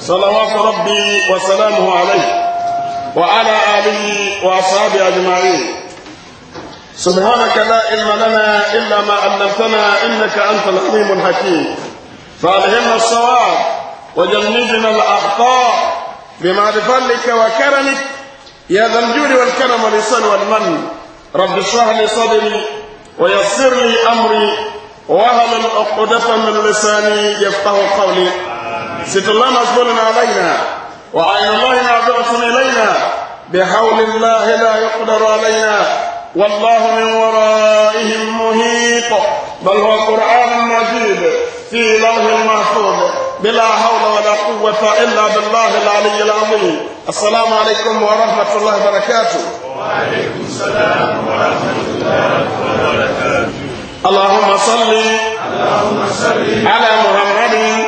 صلوات ربي وسلامه عليه وعلى آله وأصحابه أجمعين سبحانك لا علم لنا إلا ما علمتنا إنك أنت العليم الحكيم فألهمنا الصواب وجنبنا الأخطاء بمعرفة لك وكرمك يا ذا الجود والكرم والإحسان والمن رب اشرح لي صدري ويسر لي أمري وهل عقدة من لساني يفقه قولي ست الله مصبول علينا وعين الله معذرة إلينا بحول الله لا يقدر علينا والله من ورائهم محيط بل هو قرآن مجيد في لوح محفوظ بلا حول ولا قوة إلا بالله العلي العظيم السلام عليكم ورحمة الله وبركاته وعليكم السلام ورحمة الله وبركاته اللهم صل اللهم صل على محمد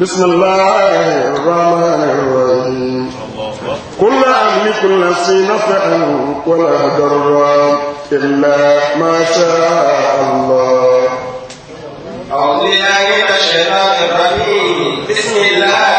بسم الله الرحمن الرحيم قل لا أملك نفسي نفعا ولا ضرا إلا ما شاء الله أعوذ بالله من الشيطان الرجيم بسم الله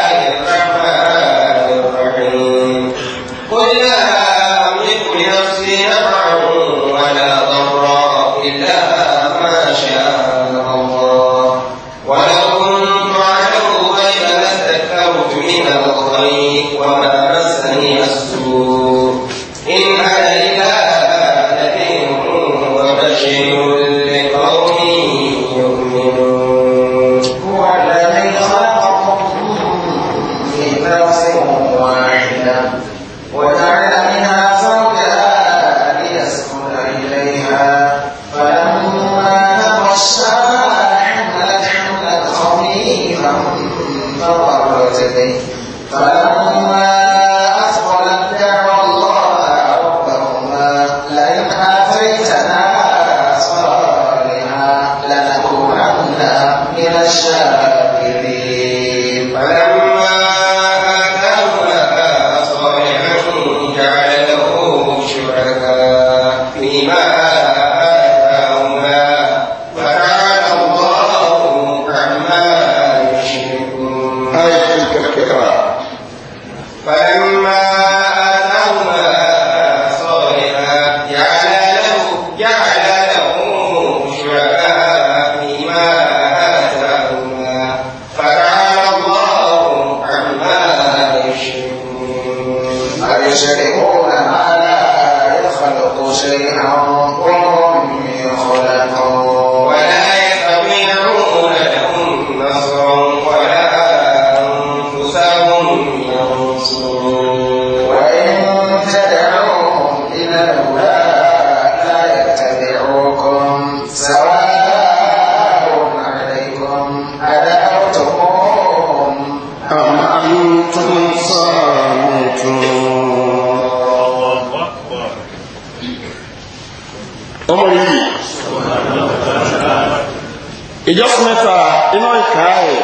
gọọmenti a ịnọ nke ahụ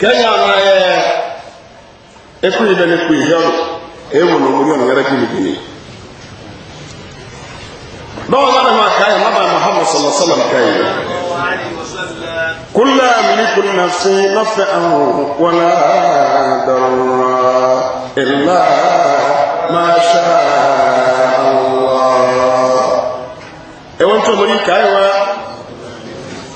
kenya na ya ekwughị na ekwu ihe ọrụ ewu na omume ọnyere gịnị gịnị dɔw nana ma kaa yi maba muhammad sallallahu alaihi wa sallam kaa yi kula miliku nafsi nafe ahu wala darura illa ma sha allah. ewu ntoma yi kaa yi wa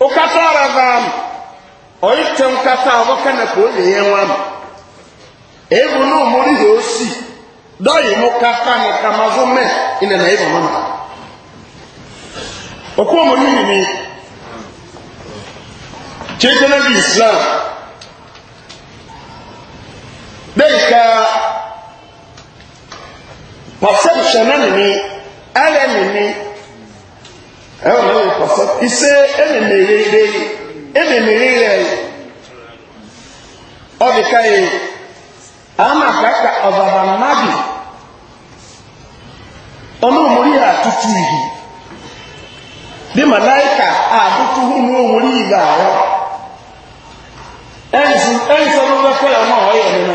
ukatwara vam oite nkata abokana ko yeye wam ebu no muri m doyi mukata ne kamazume ina na ebu mama okuwa muri ni chete na islam deika perception na ni ɛwɔ e, na ɛwɔ ire ire ɔdi ka yi ama kaka ɔbaba mmabi ɔno omori ya atutu yi bi malaika a atutu hu no omori yi ba awɔ ɛnso ɛnso no bɛ kɔ ya ɔno ọ ɔyɛ no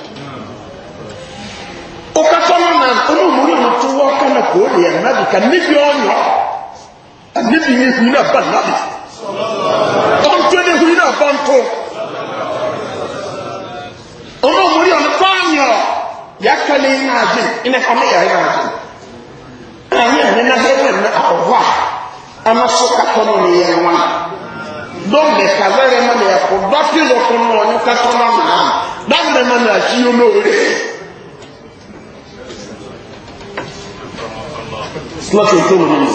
ukasoma na onu muri mtu wako na kodi ya nabi kanibi onyo anibi ni huna ba nabi onto ni huna ba nto onu muri onu fanyo yakale ina ajin ina kama ya ina ajin anya ne na hewe na awa ama soka kono ni yenwa dombe kazare mane ya kodati zo kono onyo kasona na dambe mane achiyo no ore slọ́tì tó wù ní.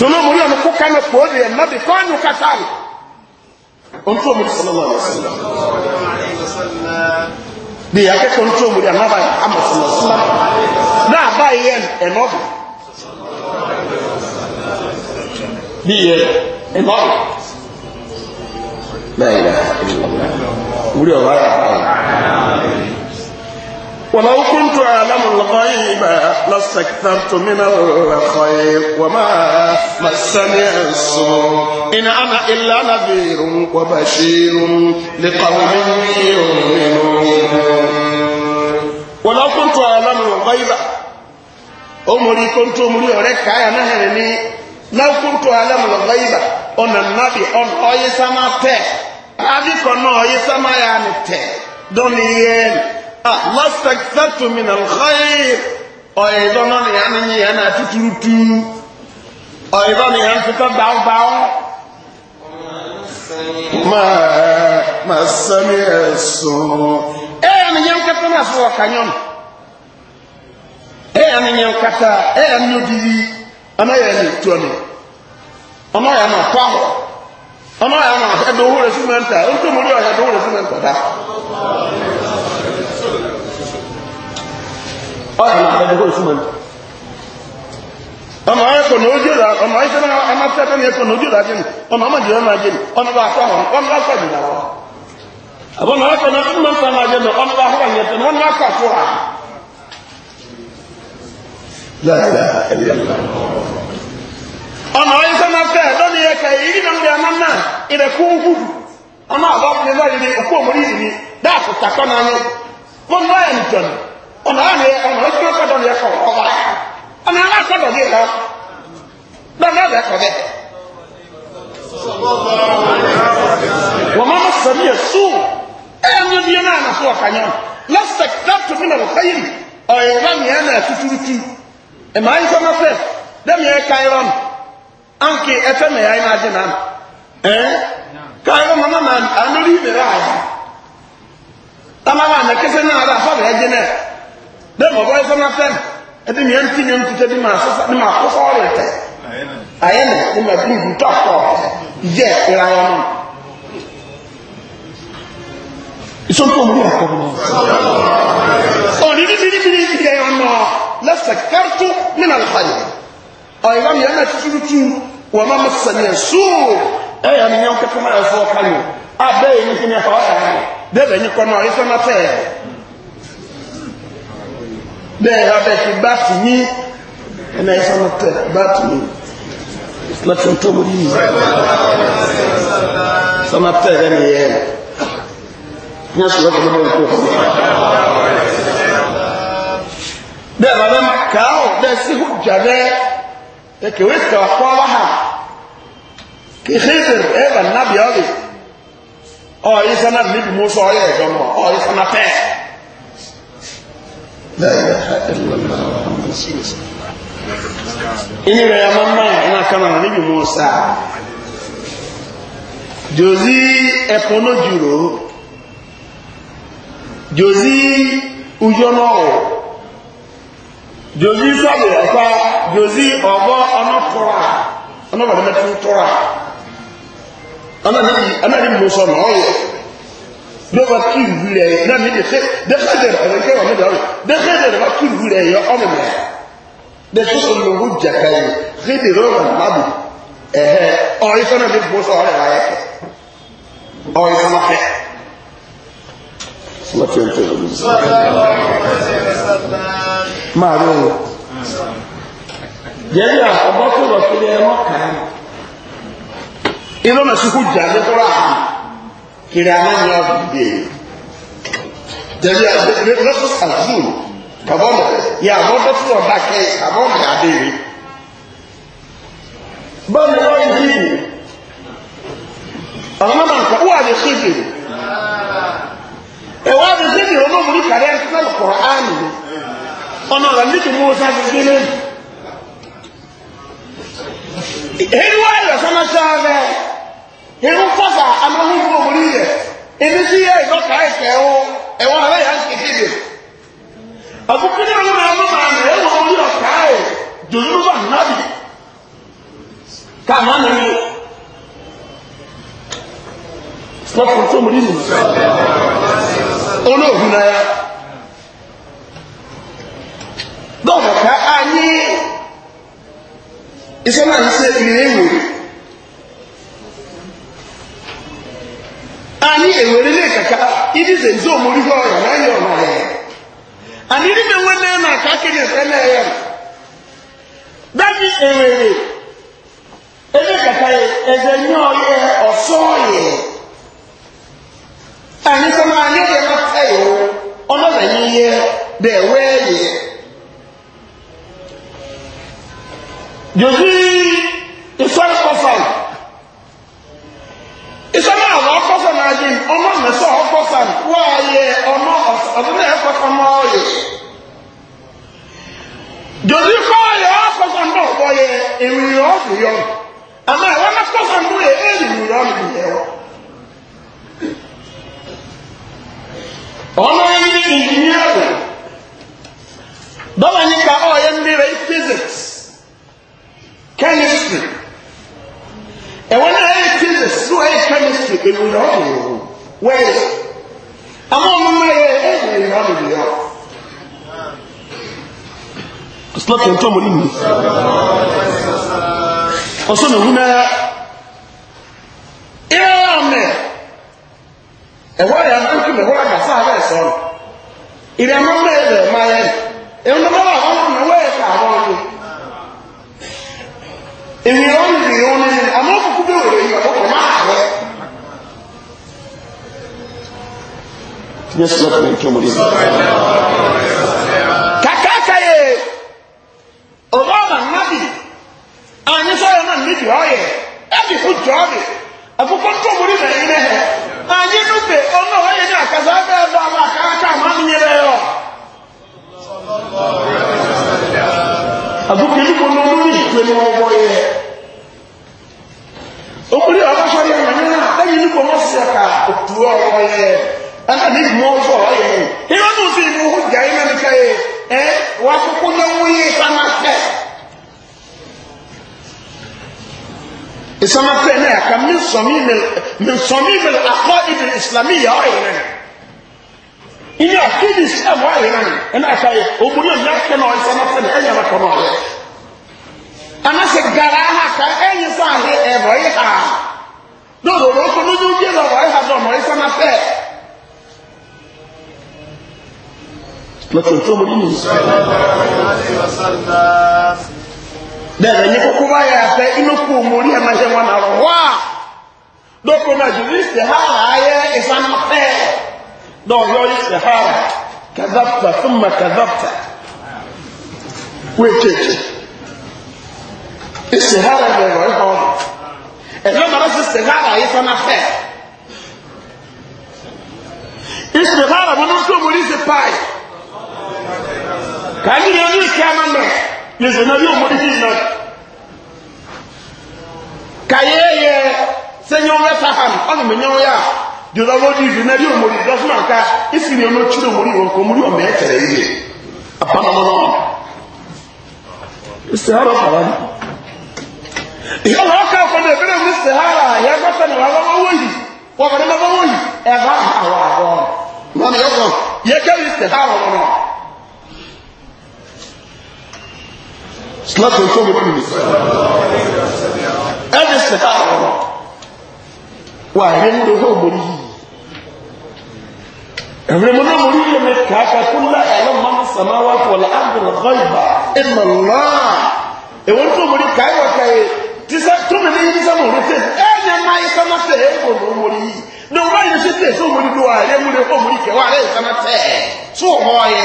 Sọlá Mùrí ọ̀nà kó kánú kó lè ẹ̀ nábì kọ́ ẹ̀yìn kàtà rẹ̀. Ohun tó Mùrí sọlá wà lọ́sọ̀lá. Bí akẹ́kọ̀ọ́ ohun tó Mùrí ànábà àmọ̀sọ̀lá sọlá. Náà báyìí yẹn ẹ̀nà ọ̀bì. Bí yẹn ẹ̀nà ọ̀bì. Bẹ́ẹ̀ ni, Mùrí ọ̀bá yà báyìí. ولو كنت أعلم الغيب لاستكثرت من الخير وما مسني السوء إن أنا إلا نذير وبشير لقوم يؤمنون ولو كنت أعلم الغيب أمري كنت أمري أريك يا نهرني لو كنت أعلم الغيب أن النبي أن أي سما تك أبي كنا أي سما يعني تك دوني mastakitatu min alkhair ọyọ ìbọn náà nìyà ni yìí yẹn náà tuturutu ọyọ ìbọn nìyà ń tutọ gbàgbàwọ. máa máa sẹ́mi ẹ̀sùn. ẹ̀yà ni yẹn kẹta náà sọ̀rọ̀ kanyọ́nù. ẹ̀yà ni yẹn kẹta ẹ̀yà ni obìnrin ọ̀nà yẹn ni tu ọ̀nà ọ̀nà yẹn nà pa ọ̀ ọ̀nà yẹn nà ẹ̀dọ̀ owó rẹ̀ fún mẹ́ta ẹ̀ ń tó mo ní ọ̀yà ẹ̀dọ̀ owó rẹ̀ ọ náà abẹ́lẹ́gbẹ́ oṣù mọ́ni ọmọ ayé kò ní ojú ìlà ọmọ ọ sẹ́nà amátẹ́tẹ́ ní ẹ̀kọ́ ní ọ ìlà jẹ́nu ọmọ ọmọ jìnnà ọ jẹ́nu ọmọ bá kọ́ àwọn ọ bá kọ́ ìdìlà wa àbọ̀n ọ kọ́ ní ọdún máa ń ọ máa jẹ́nu ọmọ bá kọ́ ọ ẹ̀tẹ̀ wọn náà kọ́ àfúrà. ọ ayé sẹ́nà fẹ́ lónìí ọ̀nà àná yẹ ọ̀nà ọ̀nà ọ̀nà sọ̀dọ̀ yẹ kọ̀ ọ̀bà ọ̀nà àná sọ̀dọ̀ yẹ lọ lọ́nà ẹ̀bẹ̀ kọ̀ bẹ́ẹ̀. wọ́n máa sọ̀rọ̀ yẹ sú ẹ̀ ń yẹ náà nà fún ọ̀kà yẹn lọ́sẹ̀ dáàtò mi nà lọ́kọ́ yìí ọ̀yẹ̀ bá mi ẹ̀ náà tuturu tu ẹ̀ máa yí sọ́mọ́ fẹ́ dẹ́mi ẹ̀ ká ẹ̀rọ mi ànkì ẹ̀ fẹ́ mi ẹ̀ náà dín náà ẹ̀ ká ẹ̀rọ mọ́mọ́ náà dɛ mɛ ɔbɔ ɛfɔm afɛm ɛdi mɛ ɛnti mɛ ɛntuta bi ma asesa bi ma akɔsɔ ɔyɛ tɛ ayɛ nɛ bi ma bi ndu tɔtɔ yɛ ɛra yɛ no isɔnkɔ mu yɛ kɔkɔ mu ɔni ni bi ni bi ni bi yɛ ɔnɔ lɛsɛ kɛrɛtu ni na lɛfa yɛ mi yɛ ɛna tutu tu wɔn ma ma sɛnɛ suu ɛyɛ mi yɛ nkɛtɛ ma yɛ fɔ kanyi abɛɛ yɛ nyɛ kɔnɔ ayɛ fɛn afɛ bẹ́ẹ̀ abẹ́kí bá ti ní ẹ̀nà ìsànà tẹ̀ bá ti ní láti tó mú yìí sọ́nà tẹ̀ ẹni yẹ ní ọ̀sùn ọ̀sùn ọ̀sùn ọ̀sùn ọ̀sùn bẹ́ẹ̀ bàbá mi kàáwọ̀ bẹ́ẹ̀ sí hù jàdẹ́ ẹ̀kẹ́ wí kà kọ́ kì í hẹ́sẹ̀ ẹ̀ bà nàbíọ́lì ọ̀ ìsànà níbi mú sọ ọ̀yẹ̀ ẹ̀dọ́mọ̀ ọ̀ ìsànà tẹ̀ لا إله إلا الله محمد رسول الله إني يا ماما أنا كان نبي موسى jòzí ẹ̀pọ̀nà jùrò jòzí ujọ́nà ọ̀ jòzí sọ́bẹ̀ ọ̀pá jòzí ọ̀gọ́ ọ̀nàkọ́ra ọ̀nàbàdàmẹ́tún tọ́ra ọ̀nàdí mọ́sọ̀nà ọ̀yẹ̀ dɔba ki wu rɛ na mi de se dɛsɛ dɛrɛ ɔmɛ kɛ ɔmɛ dɛrɛ dɛsɛ dɛrɛ ba ki wu rɛ yɛ ɔmɛ mɛ dɛsɛ sɔ lɔ ko jaka yi he de rɔ ma ma do ɛhɛ ɔyi fana mi bɔ sɔ ɔyɛ la yɛ fɛ ɔyi fana fɛ. maa bɛ yɛbi a ɔbɔ tó lɔ fi yɛ ɔmɔ kàn yín irọ́ na sukuu jà ní kúrò àná kiri amanyi abude jẹbi abude lọsọs azul kabọmọ yà abọdọ fún ọba kẹ abọmọ é bọọlù wọn yìí yìí ọmọ náà nkà wọ àbẹ síbi ẹwọ àbẹ síbi ọmọ mi kàdé ẹsẹ kọrọ ánì ọmọ rẹ níbi mú ọsàn gbígbé lẹnu èyí wọ́n yọ sọ́nà sọ́ọ́ bẹ́ẹ̀ irun fasa amahun fún omori yẹ ebi sí yẹ ìdọ́ka ẹ̀kẹ́ o ẹ̀wọ̀n abẹ́ yà ń kékeré yẹ àbúkúndé ọlọ́mọ ọlọ́mọ àná ẹ̀wọ̀n orí ọ̀ka ẹ̀ jòlúbà nàbì káàmá nìyí sọ́kùn tó omori nìyí olóògùn náà yá dọ́ọ̀mù ká á ní iṣẹ́ náà ń ṣe ìrìn èwòrán. anyị ewere na ịdị idize nze ọrịa na anyị ọnọrọ ya anyị dịbe nwanne ya na-aka akịrị ekpele ya dabi ewere emekaka eze nye ọya ọsọ anyị sọ na anyị ya ọnọdụ anyị ihe dị jozi ọmọ mẹsọ ọkọ sàn wáyé ọmọ ọdún ẹkọ ọmọ ọyẹ jòdì kọ ọyẹ ọkọ sàn náà wọ yẹ èrìrì ọdù yọ àmọ ẹwọn ọkọ sàn náà yẹ èrìrì ọdù yẹ wọ. ọmọ yẹn ní ìjìnìyàwó dọ́là yìí ka ọyẹ ń bèrè physics chemistry ẹwọn náà yẹ physics ló yẹ chemistry èrìrì ọdù yẹ wẹ́ẹ̀ àmọ́ ọmọ ọmọ yẹ ẹ ẹ yẹ ọmọ ìlú yọ. Sọ́tọ̀ ntọ́ mọ̀ nínú. Ọ̀sọ́ nà wúná yẹ ọmọ ẹ̀wọ́ yà ńkú kí mẹ̀wọ́ àgàsá abẹ́ sọ̀ ọ́. Ìrìn àmọ́ ọmọ yẹ bẹ̀rẹ̀ máa yẹ. Ẹ̀wọ́n náà wà wọ́n mọ̀ wẹ́ẹ̀ fà wọ́n ni. Ìrìn ọ̀nà ìrìn ọ̀nà àmọ́ nyɛ sɔrɔ fɛn tó mo di. kàkàkà yẹ ọba ma nabi anyi sọyọ náà níbi ọyẹ ẹbi kú jọọbi àkókò tó mo di nà yín rẹ anyi nùgbẹ ọmọ ọyẹ ní àkàtà ẹgbẹ ẹdọ àwọn àkàkà àmà mi yẹn rẹ yọ. àkókò yìí kò ní olórí ìgbẹ́ ni wọ́n wọ yẹ. okùnrin ọba sọ yẹn nàní náà ẹ̀yin ní kò wọ́n sẹ̀ka òtù ọ̀rọ̀ yẹn ɛna ne mu ɔsɔ ɔyɛ yi ɛna no si mu ho gya ɛna nika yi ɛ wakoko na mu yi sama pɛ isama pɛ na yɛ ka min sɔmi mil min sɔmi mil akɔ ibi islami yɛ ɔyɛ nɛ ɛna akidi islam ɔyɛ nɛ ɛna aka yi oburu yɛ nyɛ na ɔyɛ sama pɛ na ɛnyɛ na kɔ na ɔyɛ anase gara ha ka ɛnyi sɔ ahe ɛbɔ yi ha dɔw dɔw dɔw kɔ n'ojú yɛ lɔ ɔyɛ ha dɔn ɔyɛ sama lọ́tún tó mọ̀rí nìyí. bẹ́ẹ̀ ni kókó bá yà fẹ́ inú kú mọ̀rí ẹ̀ máa ṣe wọn àrọ̀ wá dọ́kọ̀ náà ju ní sèhárà ayé ìfanafẹ́ dọ́ọ̀yọ́ ní sèhárà kazapta fúnma kazapta wéjèèjì ìsèhárà bẹ̀rẹ̀ ọ̀rẹ́ kan ẹ̀fẹ́ màá sí sèhárà ayé ìfanafẹ́ ìsèhárà mọ́nà tó mọ̀rí sí páì kàdí ni ojú ìkí àmà mẹ yẹsẹ náà yóò mọ ibi náà kàyé yẹ sẹyìn ọmọ ẹfà hàn ọmọ mi nyẹ wọn yá dèrò ọmọ náà yóò mọ ibi lọsùn àká ìsì ni ọmọ tí ọmọ yìí wọn kọ ọmọ yìí ọmọ yìí abamọmọ sahara fara ni ìyá wọn kà fún mi ẹgbẹ́ náà mi sahara yẹ gbọ́sẹ̀ náà wà wọ́n wọ́ yìí wọ́n kọ́ ní bá wọ́n wọ́ yìí ẹ̀ bá àwọn àbọ̀ wọn ni yẹ kọ́ yẹ kẹ́rì sahara wọn náà. slap on top of me. Ẹni sẹ̀dá ọ̀rọ̀ wà ẹ̀rẹ́ ní ọjọ́ òmòrí yìí. Ẹ̀rẹ́ mọ́ náà mọ̀rí yẹn mi kàákà fún láì aláma ní sàmáwá fún ọ̀la ágbèrè ọ̀gọ́ ìbà ẹ̀mọ̀ náà. Èwọ́n tó mọ̀rí káyọ̀ káyẹ̀ tíṣà tó mi ní yín sábà òun tẹ̀ ẹ̀ ní ẹ̀ máa yẹ sábà tẹ̀ ẹ̀ kò ló mọ̀rí yìí. Ní ọ̀rọ̀ yẹn ṣe tẹ̀ sóò mọ̀rí lọ́wọ́ ẹ̀rẹ́ mọ̀rí òmòrí kẹwàá ẹ̀rẹ́ ìsámá tẹ̀ sóò mọ̀ yẹ.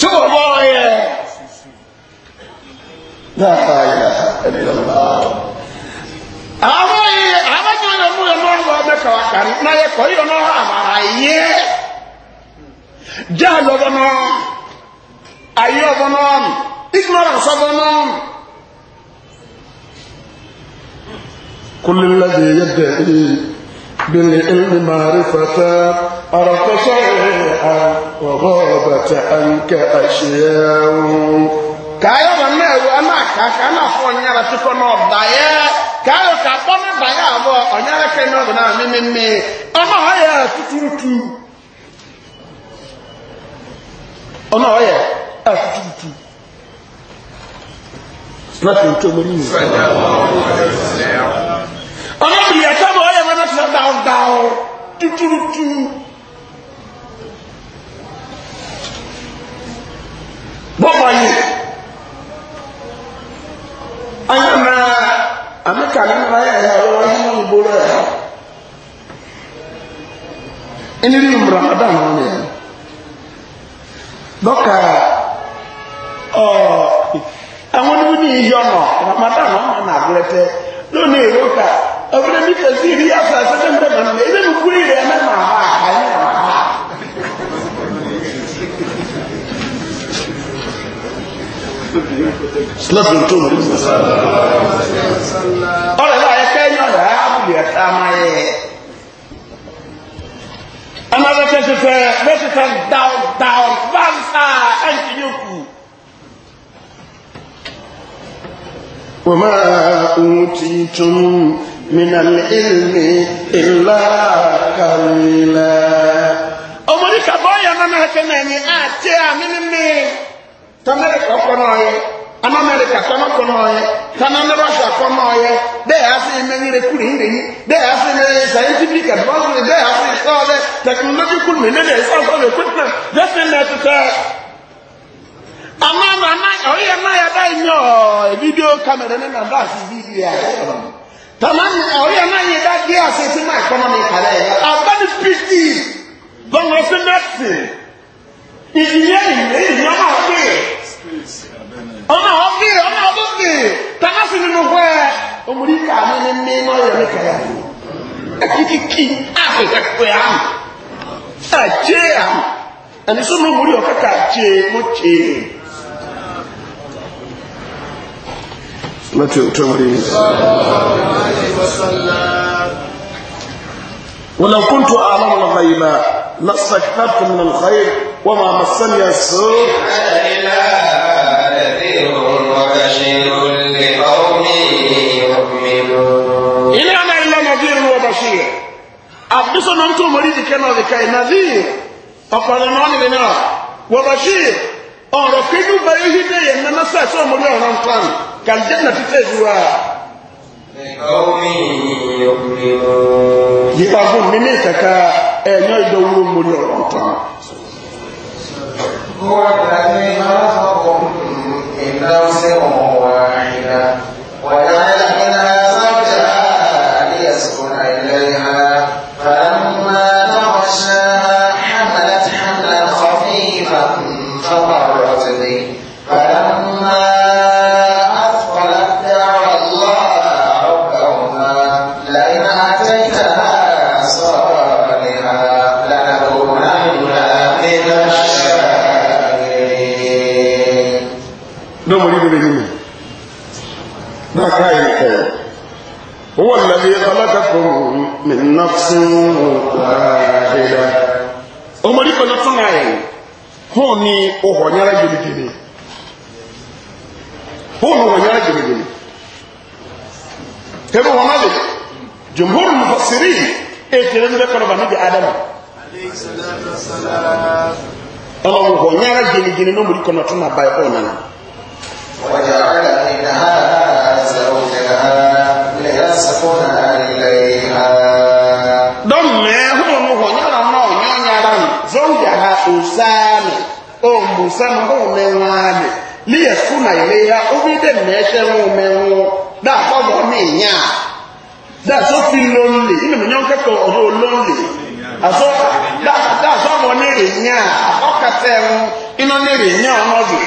Sóò mọ̀ yẹ. لا إله إلا الله àwọn yìí àwọn tí wọn yọ mú yọ mọ ọrùn wọn mẹka wà kàn náà yẹ kọ yọ náà àmàrà yẹ jẹ àlọbọ náà ayé ọbọ náà ignorance ọbọ náà. كل الذي يدعي بالعلم معرفة عرف شيئا وغابت عنك أشياء ka ba mma ewu ana aka ka ana afọ onyara chukwu na ya ka akpọ na ya abụọ ka ime ọbụ na amị mme ọma ha ya tuturutu ọma ya tuturutu sinatu ntu omori mu ọma bili anya na amika ni na ya ya wa ni mo bolo ya ini ni ramadan ho ne doka oh awon ni ni yo no ramadan ho na grete no ni roka awon ni ka si ri asa sa se mbe man ebe mu kuri re na ma ha ha Thank you. sílẹ̀tì tó وما أوتيتم من العلم إلا قليلا أمريكا ما ما كان يعني من تمرك ama amerika kɔnɔ kɔnɔ yɛ tana ne russia kɔnɔ yɛ bɛɛ y'a se mɛ nyere kuli yi leyi bɛɛ y'a se mɛ scientific advance bɛɛ y'a se sɔɔ dɛ technology kuli mi ne de ye sɔɔ equipment jɛsi nɛ titɛ ama ama ana ɔyɛ yɛ n'a yɛ da yi nyɔ video camera ne na da si video yɛ tana ɔyɛ yɛ n'a yɛ da di a se se ma economy kala yɛ a ba ni pd bɔn o se mɛ se ìdílé ìdílé ìdílé ma o ọ̀nà ọ̀bí ọ̀nà ọ̀bí tàbí nínú wẹ́ omurika ní ní ní ọ̀yọ̀ ní kẹyà kíkíkí àfẹ́kẹ́kẹ́ àmì àjẹ́ àmì ẹni sọ́nà omuri ọ̀kẹ́kẹ́ àjẹ́ mo jẹ́ láti ọ̀tọ́ mọ̀rí ní ولو كنت أعلم الغيب لاستكثرت من الخير وما مسني السوء إلا Abdusa na mtu mwalidi kena wika inadhiri Afadha mwani vina Wabashir Ono kidu bayi hide ya nana saa Sio mwali wa nantani na titezua Yikavu mimi kaka Enyo ido ulu mwali wa nantani Kwa kani hasa kwa mwali إلا صراعنا ولا إله ọdún yìí mi náà káyọ̀ ẹ̀kọ́ owó ìlànà ọlọ́dọ̀kọ̀ mi náà fún ọ̀rẹ́dà ọmọdé kan náà fún ààyè hó ni ọ̀họ̀ nyára gidigidi hó ni ọ̀họ̀ nyára gidigidi tẹ́lú wọn náà lè jùmọ́rù mùfọ́sírì ètò ẹ̀rọ kọ́nà bàmí di ádámù ọlọ́wọ̀ nyára gidigidi ní ọmọdé kan náà tún náà báyìí ọ̀nà náà. samahume ŋwaani ne yɛ suna ileya obi dɛ mɛɛhyɛ ŋume ŋu da akɔbɔ ne nya da so fi lonely ne mu nyɔnke kɔ ɔdo lonely aso da da akɔbɔ ne re nya akɔkata ŋu ino ne re nya ɔno do.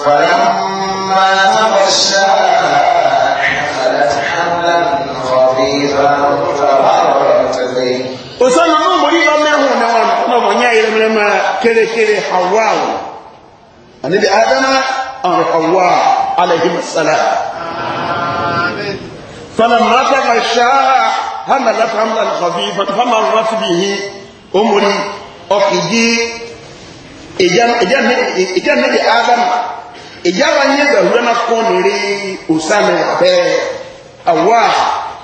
فلما غشاها حملت حملا خفيفا فمرت به kerekere hawa anabi adama an hawa alayhi masalam فلما تغشاها حملت حملا خفيفا فمرت به أمري أخجي ìjẹ́ méjì adam ìjẹ́ wa ń yé gbẹ̀húrẹ́ náà fún nírí òsánì bẹ́ẹ̀ àwa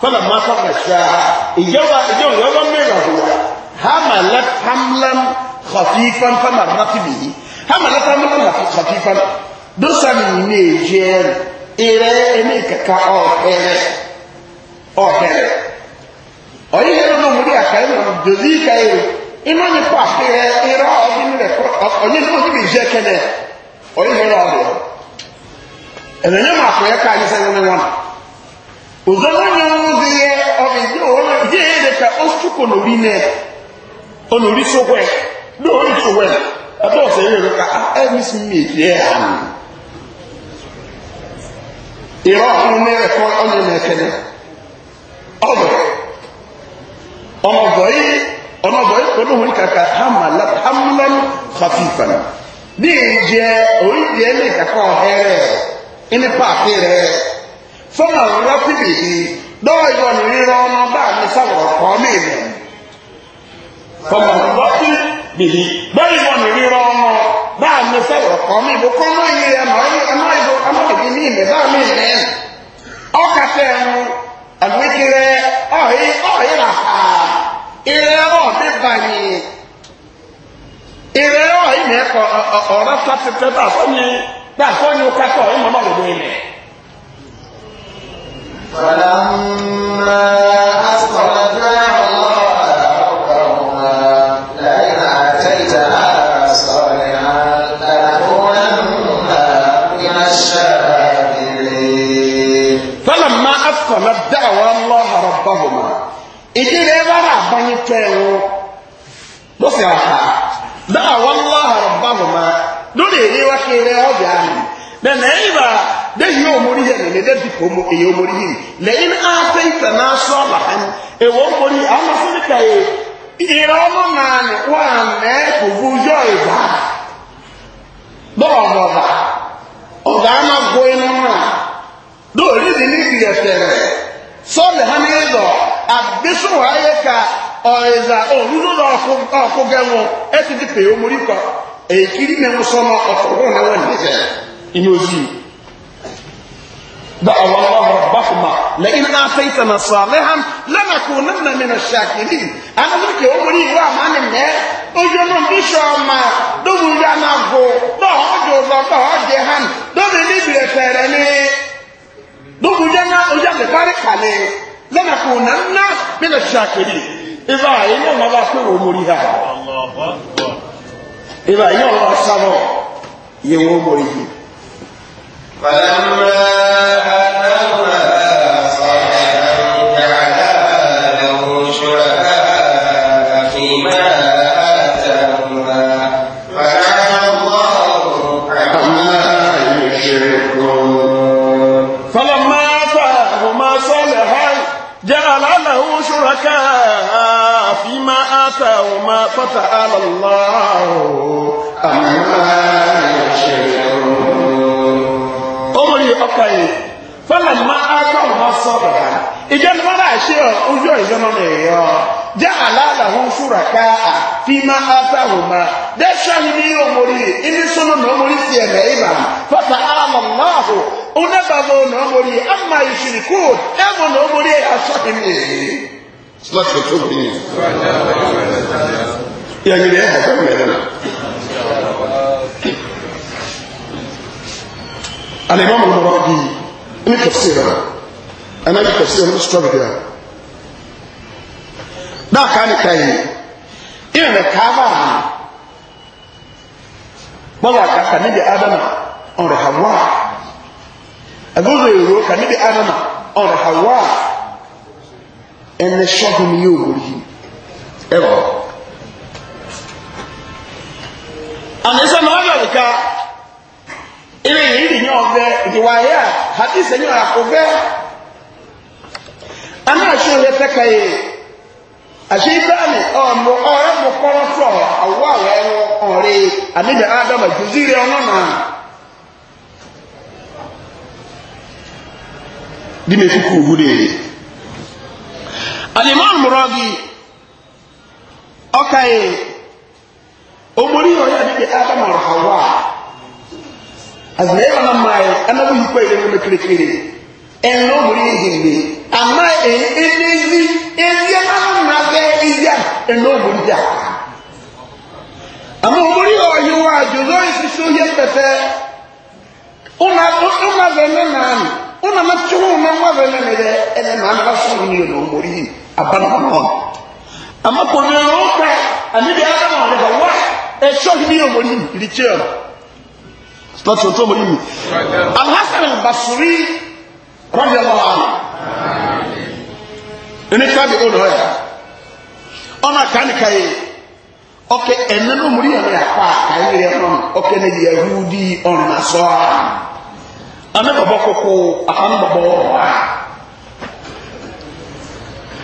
fọlá máa fọkàn ṣá ìjẹ́ wa ìjẹ́ òyìnbó mẹ́rin àbúrò hàmà lẹ́tàmlẹ́m خفيفا فمرت به حملتها مرة خفيفا دوسا من نيجير إلى إنك كأوهر أوهر أي هذا نمري أكلم دوزي كايرو إما نفاح إيرا أبين لك أني نمري بيجاكنا أي هذا أبين أنا نما أخويا كاي سنة وانا وزمان يوزي أبين جو جيدك أستكو نورينه أنوري سوكوه lórí tó wẹ̀ ẹ̀bọ́ ọ̀sẹ̀ yìí rẹ̀ ká ẹ̀mí sí mi yẹ àmì ìrọ̀ ọ̀hún ní ẹ̀kọ́ ọ̀nà ìmẹ̀kẹ́ni ọ̀bẹ̀ ọmọbọ̀ yìí ọmọbọ̀ yìí pẹ̀lú òun kàkà hamalan hafifan ní ìjẹ oríṣi ẹni kàkà ọ̀hẹ́rẹ́ ẹni pààkì rẹ̀ fọ́nà rápìdì yìí lọ́ọ̀yọ̀ nìrírọ́ ọmọ bá mi sáwọ̀ ọ̀kọ́ mi rẹ̀ fọ́nà rápìdì bìbí bẹ́ẹ̀ bọ̀ ní rírọ ọmọ báà mi sọ̀rọ̀ kọ́ mi bó kọ́ náà yẹ ẹ̀mọ́ ẹ̀mọ́ ìbò ọmọ ìbí mi ìmẹ̀ báà mi ìmẹ̀ ọkà tẹ̀ ẹ̀mú àgbékirẹ ọ̀hí ọ̀hí làkà ìrẹ ọ̀hí bàyì ìrẹ ọ̀hí mi ẹ̀kọ́ ọ̀rọ̀ sátẹ̀tẹ̀ bá sọ́ni bá sọ́ni ó kátọ̀ ọ̀hí mọ́mọ́ òdo ìmẹ̀. Fọlá kọ̀nà dáwọ́ lọ́hàrọ̀ bọ́ọ̀mọ̀ ìdí rẹ̀ rárá àbáyé tẹ́ ẹ wọ́n ló fi àwòká dáwọ́ lọ́hàrọ̀ bọ́ọ̀mọ̀ lórí èrè wá kí rẹ̀ ọ̀bì àmì nana yi ba de yi omori yɛ nene de bi pomo omori yi na yi na ase ife na asɔ lahan omori ama so ne ka ye ira ɔmo naani wa mɛ kovu yɔ eba bɔɔl ɔba ɔba ama goe no dóòrí di ní ìyẹ̀fẹ̀rẹ̀ sọ́ọ̀lì ha ní ìdọ̀ àgbésùn ayé ka ọ̀ẹ̀zà òrùnú ọ̀kú gẹ̀wọ̀n ẹ ti di pèé omori kọ èkìrí mẹ́wọ́n sọ́nà ọ̀tọ̀gbọ́n náà wọ́n nífẹ̀ inú ojú da àwọn ọlọ́run báfùmá lẹ́yìn náà fẹ́ ìtànà sàlẹ́hàn lẹ́nàkù nínú mìíràn ṣàkìrí anamíkè omori ìwé àmàlẹ́ mẹ́ ojú ọ̀nà bíṣọ̀ ọ̀ma dóbu yánnà gò náà ọ̀dọ̀ ọ̀dọ̀ ọ̀dẹ̀ hàn dóbi níbi ẹ̀fẹ̀rẹ̀ ní dókù jẹ́nà ojú àgbẹ̀kárí kàlẹ̀ lẹ́nà kò nà ń ná bílẹ̀ ṣàkèrè ibà inú ọmọ bá pé wọ́n mórí ha ibà inú ọmọ sábọ̀ yẹ wọ́n mórí yìí. ma ika cio je alalasuaụ des i somoi sia aaall nemiii kod ea moiaọhi láti lè tó bí yìí yẹnyin yẹn hàn fún mẹrin na alimam ọmọdé bi ẹni kẹsí rẹ ẹni ayé kẹsí rẹ ní sọtọọbì bíà náà ká ní káyé ìrìn rẹ ká bá mi bọ́lá kàkà níbi adama ọ̀rẹ̀ hawa ẹgbẹ́ òwe ìró kà níbi adama ọ̀rẹ̀ hawa. ẹni sọ́gun ni yóò wòlí ẹwọ. àmísẹ́ náà ọ̀rọ̀ nìka ilé yìí nìyẹn ọ̀gbẹ́ ìdìwà ayé à àti ìsẹ̀yìn àkọ́gbẹ́ àmì àṣẹ ìwé tẹ́ka yìí àṣẹ ìbáàmì ọ̀mọ ọ̀rẹ́ mọ kọ́rọ́ fọ̀ àwọ̀ àwọ̀ ẹ̀wọ̀ ọ̀rẹ́ àníbẹ̀ ádámà jùzírí ọ̀nà náà. mi yìí. alimam gị ọkaghị omori ọya dịka adam hawa azụna ịwa na mma anyị anaghị ikwe omori ihe mgbe e amaghị e, e ezi na-abịa ezi a ẹnlọ omori bịa ama omori ọya ụwa jụzọ isi ohi eme na ụmụ ụmụ eme na abanamɔn ama kɔnɔna kɔ ani bi adama wale ha wa ɛsɔ yi ni dị iche yiri kyerɛ o sitɔtɔ tó basuri kɔjɛ lɔra ɛni ká bi ɔlɔ yɛ ɔna kanika yɛ ɔkɛ ɛnɛ no yɛ yɛ kɔ a yɛ ɔkɛ ne yɛ ɔna ana bɔbɔ koko ne bɔbɔ a.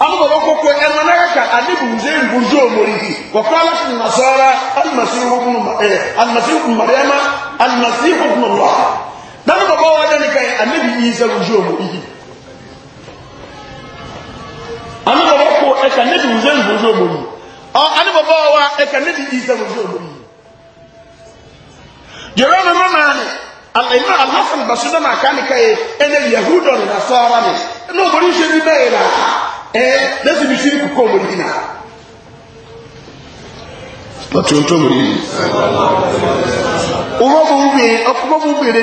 أما بقولك أنا نعك أني بوزين بوزو مريدي وقالت النصارى المسيح ابن المسيح ابن مريم المسيح ابن الله ده بقول أنا نكاي أني بيزا بوزو مريدي أنا بقولك أنا بوزين بوزو مريدي أو أنا بقول أنا بيزا بوزو مريدي جرام ماما الإمام الحسن بسيطة ما كان كاي أنا يهود النصارى نه نو بريش بيبيرا ɛɛ lẹsùn mi siri kókó mo nínà lọtún tó mo nínà wọn bọ wọn bèrè ọkọ bọ bèrè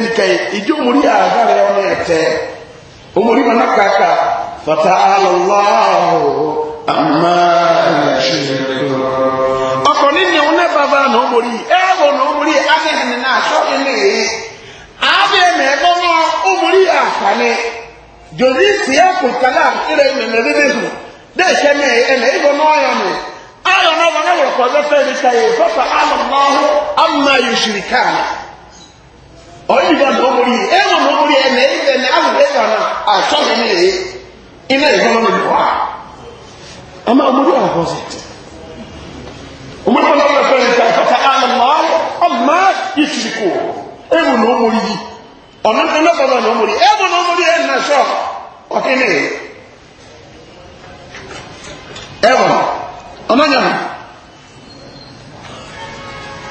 nìkan fata alọláhù àmà ọkọ nínú onye baba na eh, nà ọmọ na ẹ wọ nà ọmọ na abẹ nínú àṣọ jòzí sí ẹkùn kàlá ìrẹ ìmẹ̀mẹ̀ bíbí hù dé ìṣẹ́ ní ẹ̀mẹ̀ ìbò náà yọ ni ayọ̀ náà wọn wọ̀ kọjọ́ fẹ́ẹ̀rẹ̀ ṣayé fọ́fà alọ́mọ́hún amma yóò ṣì ká ọ̀yìnbọn náà wọ́n yìí ẹ̀wọ̀n náà wọ́n yìí ẹ̀mẹ̀ ìbẹ̀mẹ̀ àwùjọ yọ náà àṣọ mi ní èyí iná ìbọn mi wà. ọmọ ọmọdé wà kọ́ sí ọmọdé wọn náà wọ́n fẹ́ẹ̀rẹ̀ ṣayé fọ́fà alọ́mọ́hún amma yìí ọ̀nà ọ̀nà bọ̀bọ̀ ní ọmọdé ẹ̀bùn ní ọmọdé ẹ̀ nà ṣọ́ ọ̀kínní ẹ̀wọ̀n ọ̀nà yàrá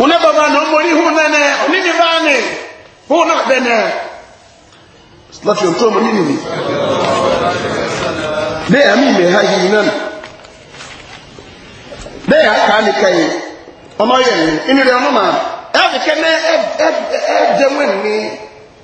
ọ̀nà bọ̀bọ̀ ní ọmọdé hù nẹ́nẹ́ onídìí bá ní hù náà bẹ̀nẹ̀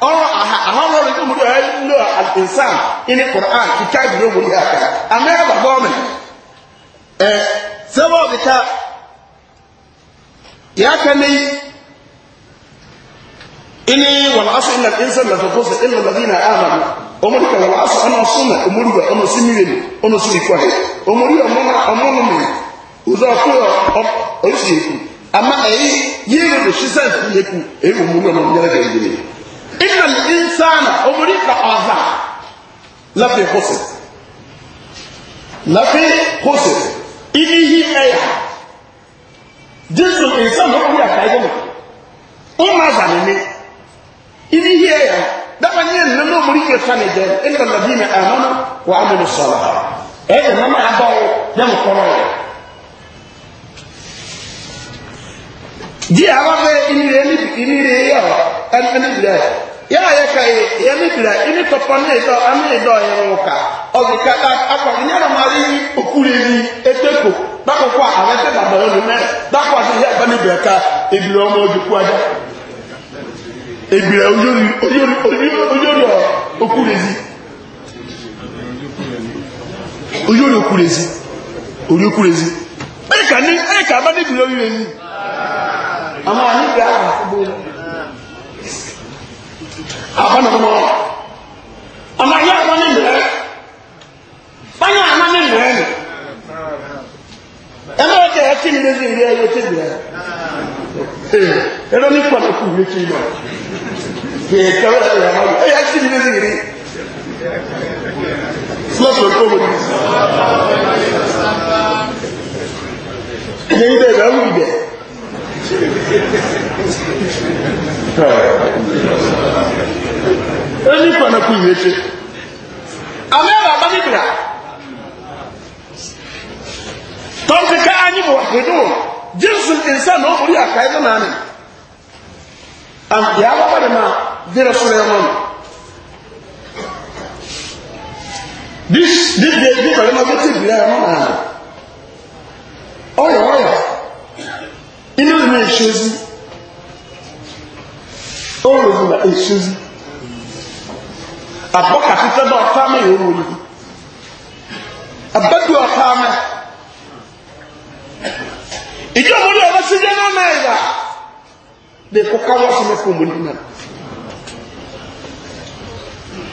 ahọ́rọ̀ rẹ̀ múlò ẹ̀ lọ àdìsàn ní quran kíkà ìdúró wò ní àkà amẹ́rẹ́bà gọ́ọ̀mẹ̀ ẹ̀ sẹ́wọ́ bìkà yà kà ní ini wàlásù ilẹ̀ ìnsẹ̀ lẹ́fọ̀fọ́sẹ̀ ilẹ̀ lẹ́dínà àmàmà omori ka wàlásù ọ̀nà súnmẹ̀ omori wà ọ̀nà símìlẹ̀ ọ̀nà símìkọ̀ ẹ̀ omori ọ̀mọ́nà ọ̀mọ́nà mi òzò ọ̀kú ọ̀ṣì ọ àmà ẹ̀yí ọ ọ ọ inna linsana omori ka ọza lafi hosi lafi hosi inihi ẹya jesu nsan lọkọ bi aka ẹgbẹ mi ọmọ aza nini inihi ẹya dama nye nnam omori ka ẹfa ne jẹ inna labi na amana wa amana sọla ẹyẹ nnam abawo dẹmu kọrọ yẹ. di awa bɛ inire ni inire yɛ ɛnɛ ni bilɛ. ya ya ka ya yẹ ní tọpọ ní ìdọ ẹmí ìdọ yẹn wò ká ọgì kata akọ ní yàrá máa yí okúri yìí eteko dákòókò àwọn ẹgbẹ bàbá wọn ní mẹrẹ dákò àti ebiri ẹgbẹ ní bìrẹ ká ebìrẹ ezi ezi ahọ́nàmọ́ ọmọ ayé àwọn ní mìíràn báyọ̀ àwọn ní mìíràn ni ẹ máa kẹ́ ẹ tí mi lézì ilé ayé tí mìíràn ẹ lọ ní pàtó kù ní kí n lọ kìí kẹwẹ́ ẹ yà máa ẹ yà tí mi lézì ilé fúlọ́sì ló tó wọlé ẹ̀yìn bẹ́ẹ̀ bẹ́ẹ̀ wù bẹ́ẹ̀ ɛni kwana ku yi ete amẹ́rẹ́ àbá níbìrà tọ́ǹkì ká ányí bọ̀ pẹ̀lú jíǹsì ìnsá náà orí àkàyé tó náà ni àbí àbábá rẹ̀ máa bẹ̀rẹ̀ sọ̀rọ̀ ẹ̀ wọ́n. This this day bí ọ̀rẹ́ máa bẹ́tẹ̀ ìbílẹ̀ ẹ̀ wọ́n náà inú mi ìṣòsí ọ̀rọ̀ ìgbìmọ̀ èṣù yìí àbọ́kà títẹ́ bá ọ̀tá mi yóò wọlé abẹ́dù ọ̀tá mi ìjọ mo ní ọ̀rọ̀ síjẹ́ náà náà yà lè kó káwọ́ sí mi fún òmùnú náà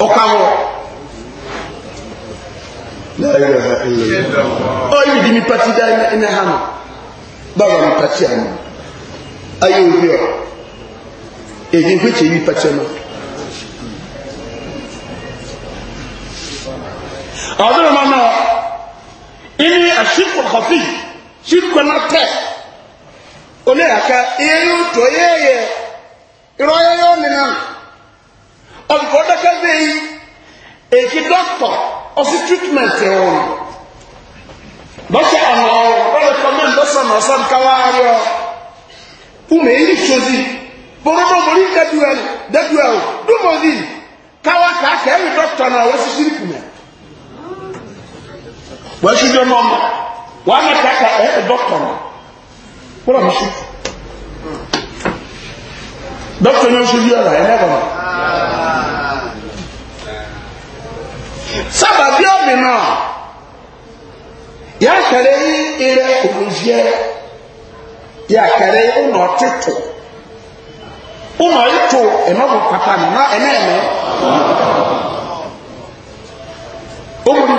ọ̀káwọ́ ọ̀yìn ìdí mi pàtí dá iná hàn báwo ni pàtí àná ayé èyí hwékyè yi pɛkyɛ no ɔdún ma nọ ɛni asirikun hafi sirikun na tɛ olè yàtɛ ìyẹn yóò tó yéèyè ìrọyẹ yóò nínà ọdún dọkẹ bẹyì èyí dọkítọ ọsí tírítímẹǹtì wọn bọ́sẹ̀ ọ̀nà ọ̀rọ̀ ọ̀rọ̀ kọ́mẹ́ntì bọ́sẹ̀ ọ̀nà ọ̀sán káwá ayọ̀ kúmẹ̀ èyí boromo mori daduel daduel dumoni kawa ka ka emi doctor na wasi siri kuma wasi jo mom wa na ka ka e doctor na kura musu doctor no su yara e never na saba bi omi na ya kare ile obuzie ya kare ụlọ ọtụtụ ụlọ ịtụ ịnọbụ papa na na eme ụmụ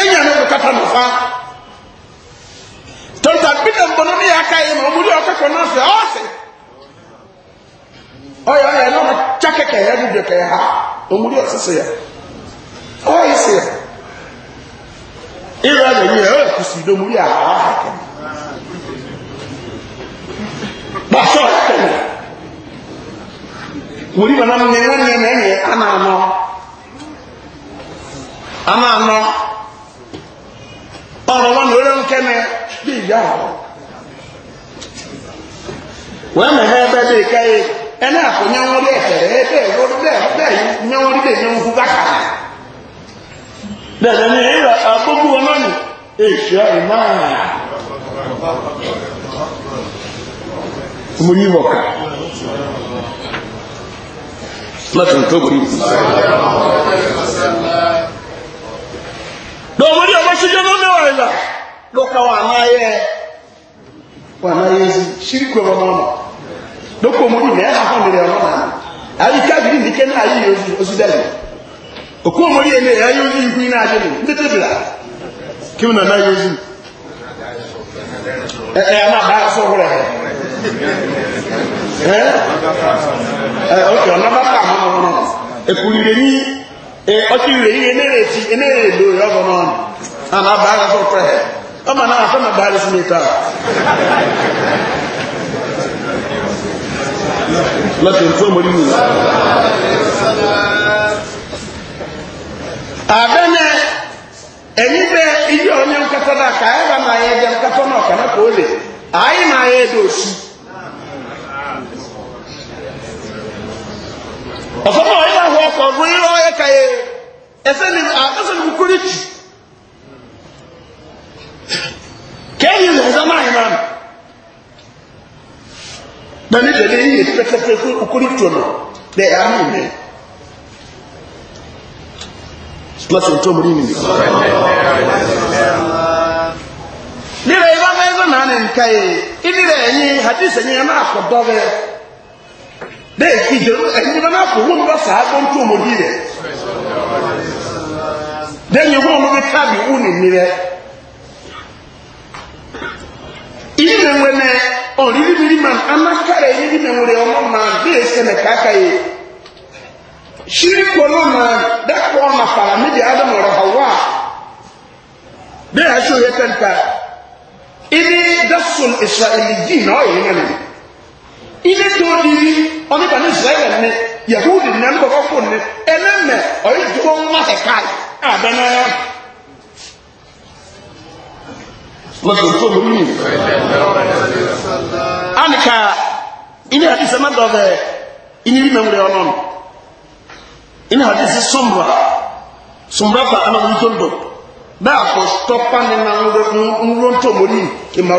enyi anyị bụkata na fa tọta bida mbọ na ya aka ya ma ọmụrụ ọkụkọ na ọsị ọsị ọya ọya na ọcha keke ya dịdị ka ha ọmụrụ ọsịsị ya ọyịsị ya ịrụ ya na enyi ya ọ kwụsịrị ọmụrụ ya ha ọha kemgbe bàtọ́ wòlí bàbá mi nìyẹn náà na nìyẹn àmà ànọ àmà ànọ ọrụ wọn lórí nkẹ́mẹ́ bí ìyá ya wọ́n mẹ̀ ebe dị ka ká yé ẹni àkọ́nyẹ́ wọn bí muri boka lọ́tún tó kú lọ́wọ́dí ọmọ ṣíjọ́ ló náwà ìlà ló yẹ yẹ ọmọ ọmọ ló kó mú ya ẹ̀hàn lórí ọmọ náà àbí káàkiri nìkẹ́ náà yí oṣù dẹ́lẹ̀ òkú ọmọ yẹ ní ẹ̀yà yóò yí ikú na ajé ní ní tẹ́tẹ́bìlà kí wọn na yóò yí a sọ̀rọ̀ ẹ́ ẹ́ ọ̀kẹ́ ọ̀nàbàbà àwọn ọmọ náà èkúrìrè ní ọtíwìrè yìí enére ti enére èlò na náà ni àmà bá ara sọ pẹ́ ọmọ náà sọ́mà bá ara sí níta lọ́tẹ̀ tó mọ̀ nínú àbẹ́nẹ́ ẹ̀yí bẹ́ ilé ọ̀nyẹ́ nkatọ́dà kàáyà bá máa yẹ jẹ́ nkatọ́ náà kàná kò lè máa yẹ ọ̀sọ́mọ ọ̀yẹ́ ahọ́ ọkọ ọdún yìí lọ́ọ́ yẹ káyé ẹsẹ̀ na ẹsẹ̀ ni kúrì tì kéyìn lè ẹ̀dá máa yẹn náà bẹ́ẹ̀ni tẹ̀lé ndị pẹ́pẹ́pẹ́ kúrì ya Plus on tom rini. Nire ibanga izo na bẹ́ẹ̀ kí ìjẹ̀rú ẹ̀yìnbá náà kò wọ́n bá sàágbọ́n tó mọ̀ bí rẹ̀ dẹ́yìn wọ́n mọ̀ bí káàbì wù ní mi rẹ̀ ìyí mi wẹ̀ nẹ ọ̀rírí mi rí màn anákàrẹ̀ yìí mi wẹ̀ ọmọ bí yìí di adam yẹ ìdí dasun ilé tó di ní ọdíkà ní ìsìlẹ̀ yahudi ní ẹni kọ̀kọ́ fún ní ẹlẹ́mẹ̀ ọ̀yẹ́ ìdúgbò ń wá ẹ̀ka àbẹ́nẹ́yà lọ́sọ̀ tó mú mi. Ànìkà ilé àti sẹ́mẹ́ dọ̀bẹ̀ ilé rí mẹ́wúrẹ́ ọ̀nà nù. Ilé àti na ń rọ́ tó mú ní ìmọ̀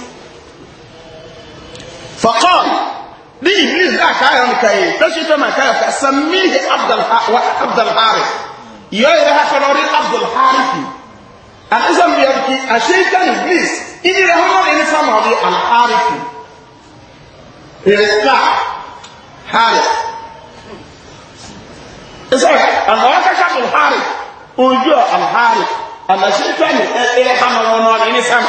فقال لي ذاك عالم كاي تشيت ما كاي سميه عبد عبد الحارث يا إله كنوري عبد الحارث الاسم يبكي الشيطان إبليس إني رحمة إني سامع بي الحارث يسمع حارث اسمع أنا أكاك الحارث أنجو الحارث الشيطان إلى كنوري إني سامع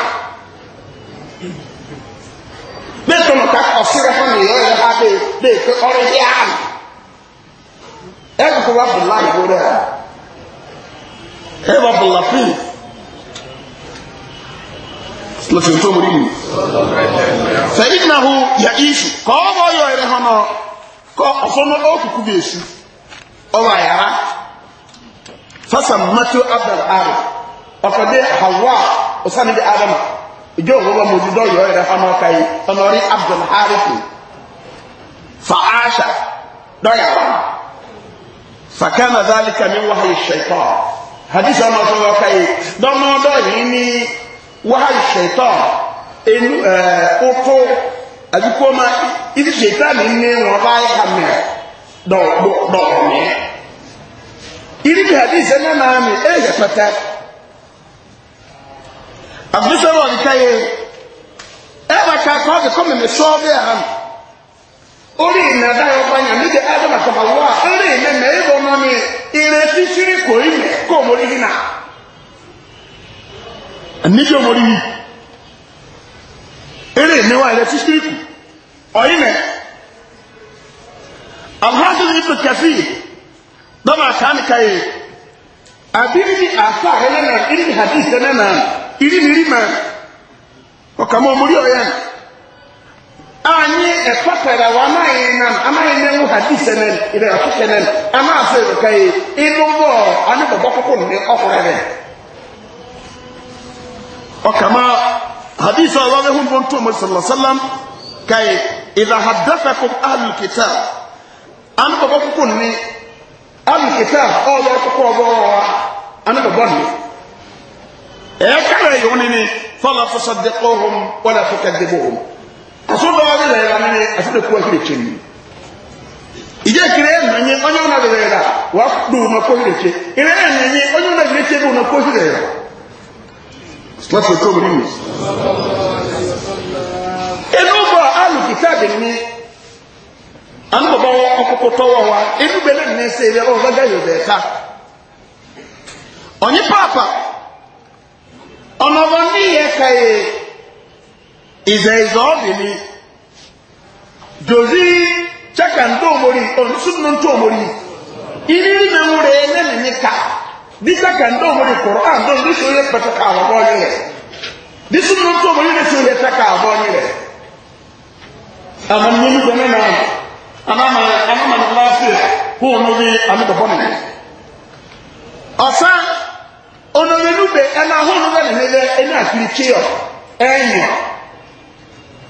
bẹ́ẹ̀ mọ̀ ká ọ̀sẹ̀rẹ̀ fún mi lọ́rẹ̀ ha bẹ́ẹ̀ bẹ́ẹ̀ pé ọrẹ yá mi. ẹ kò wá bùlá ìwé rẹ̀ ẹ wá bùlá fún mi. lọ́sẹ̀ tó múrí mi. fẹ̀yìn náà hó yà íṣù kọ́ ọ bọ́ yọ ẹ̀rẹ̀ hàn náà kọ́ ọ̀fọ́nà ọ̀kùnkù bẹ̀ èṣù ọwọ́ àyàrá. fásitì matthew abdul ari ọ̀fọ̀dé hawa ọ̀sánidé adamu ìjọ òun bá mojú dọ́yọ̀ ẹ̀rẹ́ fama ọ̀ka yìí ọmọ rí abdul harifu fa'asha dọ́yà wa fakana zalika min wahayi shaitan hadith ọmọ tó wọ́n ọ̀ka yìí dọ́mọ dọ́yìn ní wahayi shaitan enu ẹ̀ ọkọ àdúgbò ma ibi shaitan ní wọn bá yẹ ha mìíràn dọ̀ dọ̀ mìíràn ẹ̀ náà mi ẹ̀ yẹ pẹ̀tẹ́. asosɔ a ɔdi ka ɛba ka kɔ ɔdi kɔ mɛmɛ sɔɔ bɛ yan ori ìmɛ da yɔ ba yan níbi adam ori nɔni siri na níbi mórí yìí ori ìmɛ wa ìrètí siri kù ɔyí mɛ alhaji ni ibi kẹfì dọ́mà kàánì ka yɛ àbí hadith na na. irinirima ọkàmọ omori ọya anyị ekpọtara wa anaghị nan anaghị nenwu hadis enen ire ọkụkọ enen ama asị ka yi ịlụ mbọ anyị bụ ọkụkọ ndị ọkwụrụ ebe hadis ọzọ ọzọ mbụ ntụ sallallahu ka ị ịza hadafakum bụ ndị ọwa bụ ẹ̀ẹ́kẹ́rẹ́ yìí wọ́n ní fọlá fọsọ dẹ́kọ̀ ọ̀hún wọlé afọ́kẹ́ dẹ́kọ̀ ọ̀hún asọ́dọ̀wọ́ bí lẹ́yìn lánàá ní asọ́dọ̀kú ẹ̀kí lè tse mi ìjẹ́ kiri ẹ̀ nà nye ọ̀nyẹ́ ọ̀nà lẹ́yìn la wà do ọ̀nà kó lè tse ìrẹ́ ẹ̀ nà nye ọ̀nyẹ́ ọ̀nà lè tse do ọ̀nà kó lè yà lọ́sọ̀ tó wọlé mi. inú bọ̀ alùpùpù àbí mi àná bàbá ọkọ̀kọ̀ tọwọ́ wa inú bẹ̀rẹ̀ ní sèlè ọ̀ ọmọbọ ní ẹ̀ka yẹ ìzẹ̀ ìzọ̀ ọ̀bìnrin dòzí chẹ́kà ń tó omori ọ̀nùsùnmù ń tó omori ìrírí mi ń rẹ̀ ẹ̀nẹ́mì ní ká bí chẹ́kà ń tó omori kọ̀rọ̀ à ń tó ní sòye pẹ̀tẹ̀kà àbọ̀ ní rẹ̀ bí sùnmù ń tó omori ní sòye pẹ̀tẹ̀kà àbọ̀ ní rẹ̀ àwọn ọmọ mi náà anamọ anamọ nípa fún un ní àmì ọ̀sán ono menu be ena hono be ne be ena kirikio enyo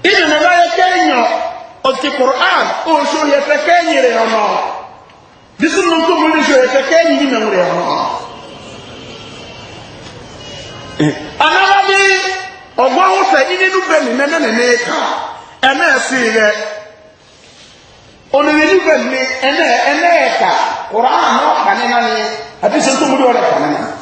ino na ba kenyo oti qur'an o so ye fe kenyire ono disu no to mo so ye fe kenyi ni ngure ono anaba bi ogwa wo fe ni nu be ni ne ne ne ka ena si ye ono menu be ni ena ena ka qur'an no kanena ni ati so to mo do re kanena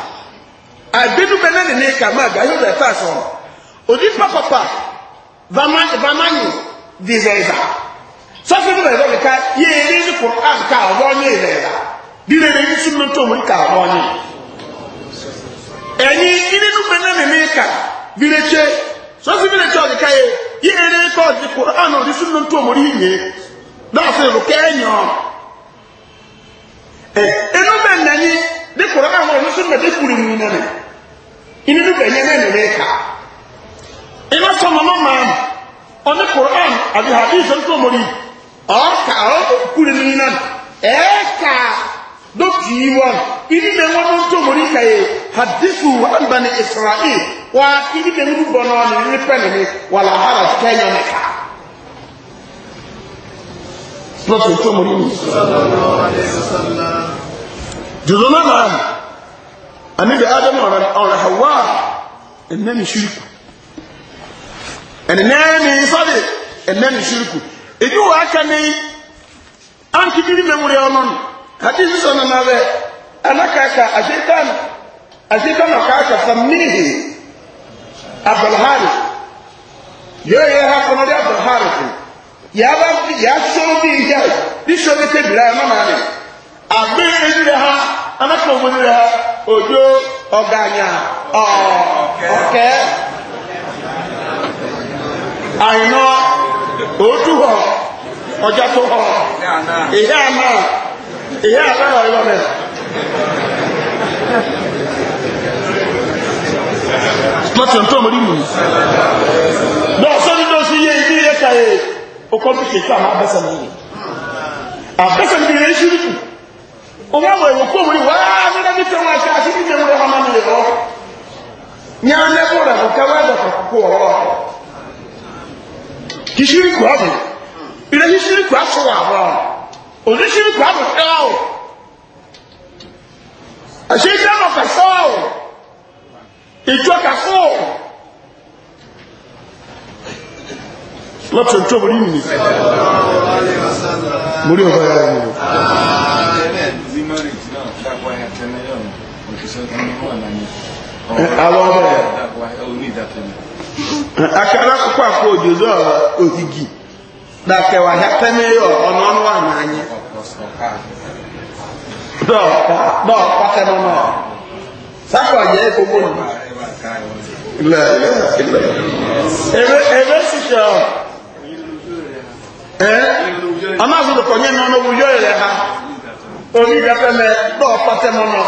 abinu bɛ na nene kama gayo bɛ fa sɔn odi papapa vamanyi dizɛza sɔfin bɛ bɛ ka yeere ni kur'an ka ɔbɔ nye dizɛza direre ni sunu tomori ka ɔbɔ nye ɛni irinu bɛ na nene ka biretse sɔfin bɛ na tɛ ɔdi ka ye yeere kɔ di kur'an odi sunu tomori nye dɔɔfin o kɛ nyɔ ɛ enu bɛ nani ni kur'an wɔ ni sunu bɛ de kuri mu nani. inú ní bẹ̀yẹ náà nìyẹn ká iná sọ mọ́mọ́ máa ọdún koran àti hadith ń tó mọ́rí ọ̀ọ́kà ọ̀ọ́kùnrin nínú náà ẹ̀ẹ́kà dókì yìí wọn inú ní wọn tó ń tó israel anabi adam ɔrɛ ɔrɛ hawa ɛnɛ ne shiriku ɛnɛ ne nsɔre ɛnɛ ne shiriku ebi wɔ aka ne ankibiri mɛmuri ɔno no hadi sisan nana bɛ anakaka asetan asetan ɔkaka famihi abdulhari yóò yẹ ha kɔnɔ de abdulhari fún yaba yasɔ bi yá bisɔ bi tɛ bila yɛ mama ni abe ebi ha anakọ̀ ọmọdé rẹ̀ òjò ọ̀gànyà ọ̀kẹ́ àìná òótú họ ọjà tó họ ìhẹ́ àná ìhẹ́ àbẹ́rẹ̀ ọ̀rọ̀ rẹ̀. lọ́tọ̀ tó mọ̀ nínú lọ́sọ́ nínú sí yé ibi yẹ kàyé ọkọ̀ bí kìí tó àwọn abẹ́sẹ̀ nìyí abẹ́sẹ̀ nìyí yẹ ṣírí kù wọ́n wọ̀ ẹ̀wọ̀ kóòmù ni wàá nílẹ̀ ní tẹ̀wọ̀n àti àti ní ìdẹ̀wọ̀n ọmọ mi lè lọ. ní anẹ́kọ̀ rẹ̀ kò kẹ́wọ́ ẹ̀dọ̀ kọ̀kọ́ ọ̀rọ̀ kì í ṣírí kù àbò ilé yìí ṣírí kù àṣọ wà àbọ̀ òní ṣírí kù àbò ẹ̀ ọ̀ àṣẹ ìjẹ́ ọ̀nà kẹsọ́ ọ̀ ìjọ kẹsọ́ ọ̀ lọ́tọ̀ ìjọ mo ní ìrìn mo rí ọ̀gá yára yìí. àwọn ọmọ rẹ̀ akara akụkọ akọ ojozo ohigi na kewa ya temeyo ọnụ ọnụ a na anyị dọọkwa kẹnu náà sákọ̀ yẹ gbogbo nù ebe sisi ọ ọmọ àgùdùkọ̀ yẹn náà ọ̀nà òwúyọ̀ rẹ̀ ha onídàpẹ̀mẹ dọọkwa kẹnu náà.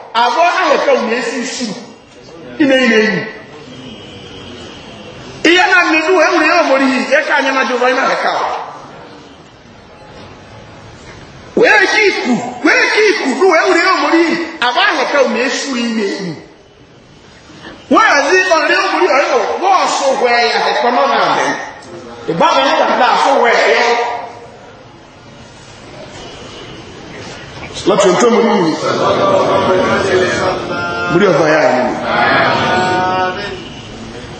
abụọ ahịka na esu isu ime ime enyi ihe na mmedu e nwere ya omori ihe ya ka anyị na jehova ime ahịka wee ji wee ji iku du wee nwere ya omori ihe abụọ ahịka esu ime enyi wee zi ọrịa láti ọjọ́ mú ní ìwé múrí ọba ya ìlú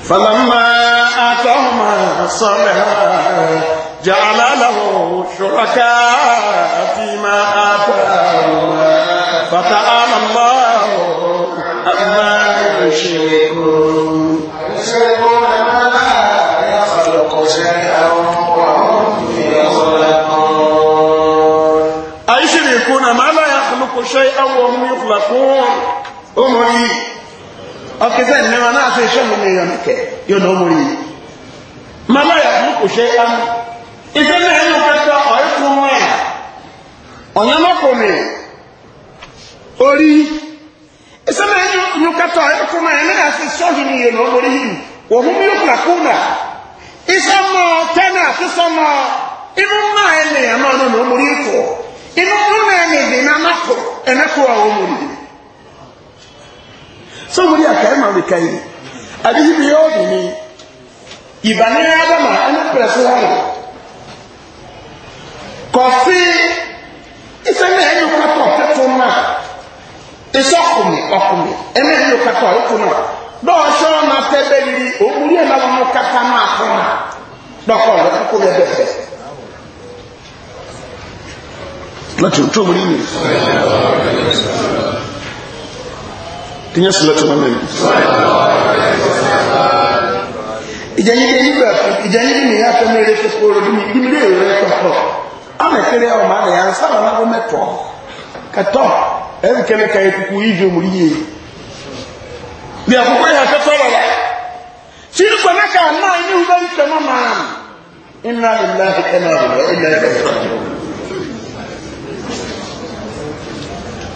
falamma atọ́mà sọ́lẹ̀ jẹ́ aláàlọ́wọ̀ ṣọ́rọ̀ká fi ma àtàrà fata àmàlọ́wọ̀ àmà ìṣẹ́kùn خلقوا شيئا وهم يخلقون أمري أكذا إنما أنا أعطي شيء من يونك يون أمري ما لا يخلق شيئا إذا نحن كتا أيكم وين أنا ما قومي أري إذا نحن كتا أيكم وين أنا أعطي شيء من يون أمري وهم يخلقون إذا ما تنا تسمى إنما أنا أنا أمري فو إنما أنا أنا أنا أنا ɛnɛ kó a wɔn wɔn yìí sɛ wɔn yà kɛyɛ maame ka yìí adiyi bi yɛ ɔdi ni ìbànú yɛ adama ɛnɛ pɛrɛ so hɔ kɔfi isɛ ne ɛyɛ kɔtɔ ɔtɛtɔ na isɛ ɔkumi ɔkumi ɛnɛ ɛyɛ kɔtɔ ɔtɔ na dɔwɔsɛ ɔna tɛ bɛ yiri omuri ɛnɛ wɔn kata na akɔna dɔkɔ ɔlɛ koko yɛ bɛ fɛ láti tó mú nínú ìyẹn sí láti mọ́mí ìjẹyìnlẹ̀ nígbà ìjẹyìnlẹ̀ ní yàtọ̀ mẹ́rẹ̀ fẹ́fẹ́ oròdú ní ìdílé ìrẹ́ kọ̀kọ̀ amẹ́kẹ́rẹ́ ọmọ àrẹ̀ yà ń sára lábọ́ mẹ́tọ̀ kẹtọ̀ ẹ̀rù kẹ́lẹ́ ka ẹkùkù ìjọ mú yé bí àkókò yà kẹtọ̀ rẹ̀ yà tí ń kọ̀ mẹ́ka náà inú bá ń tẹ̀ mọ́ màá ìnà ìlà ìlà ìlà ìlà ìlà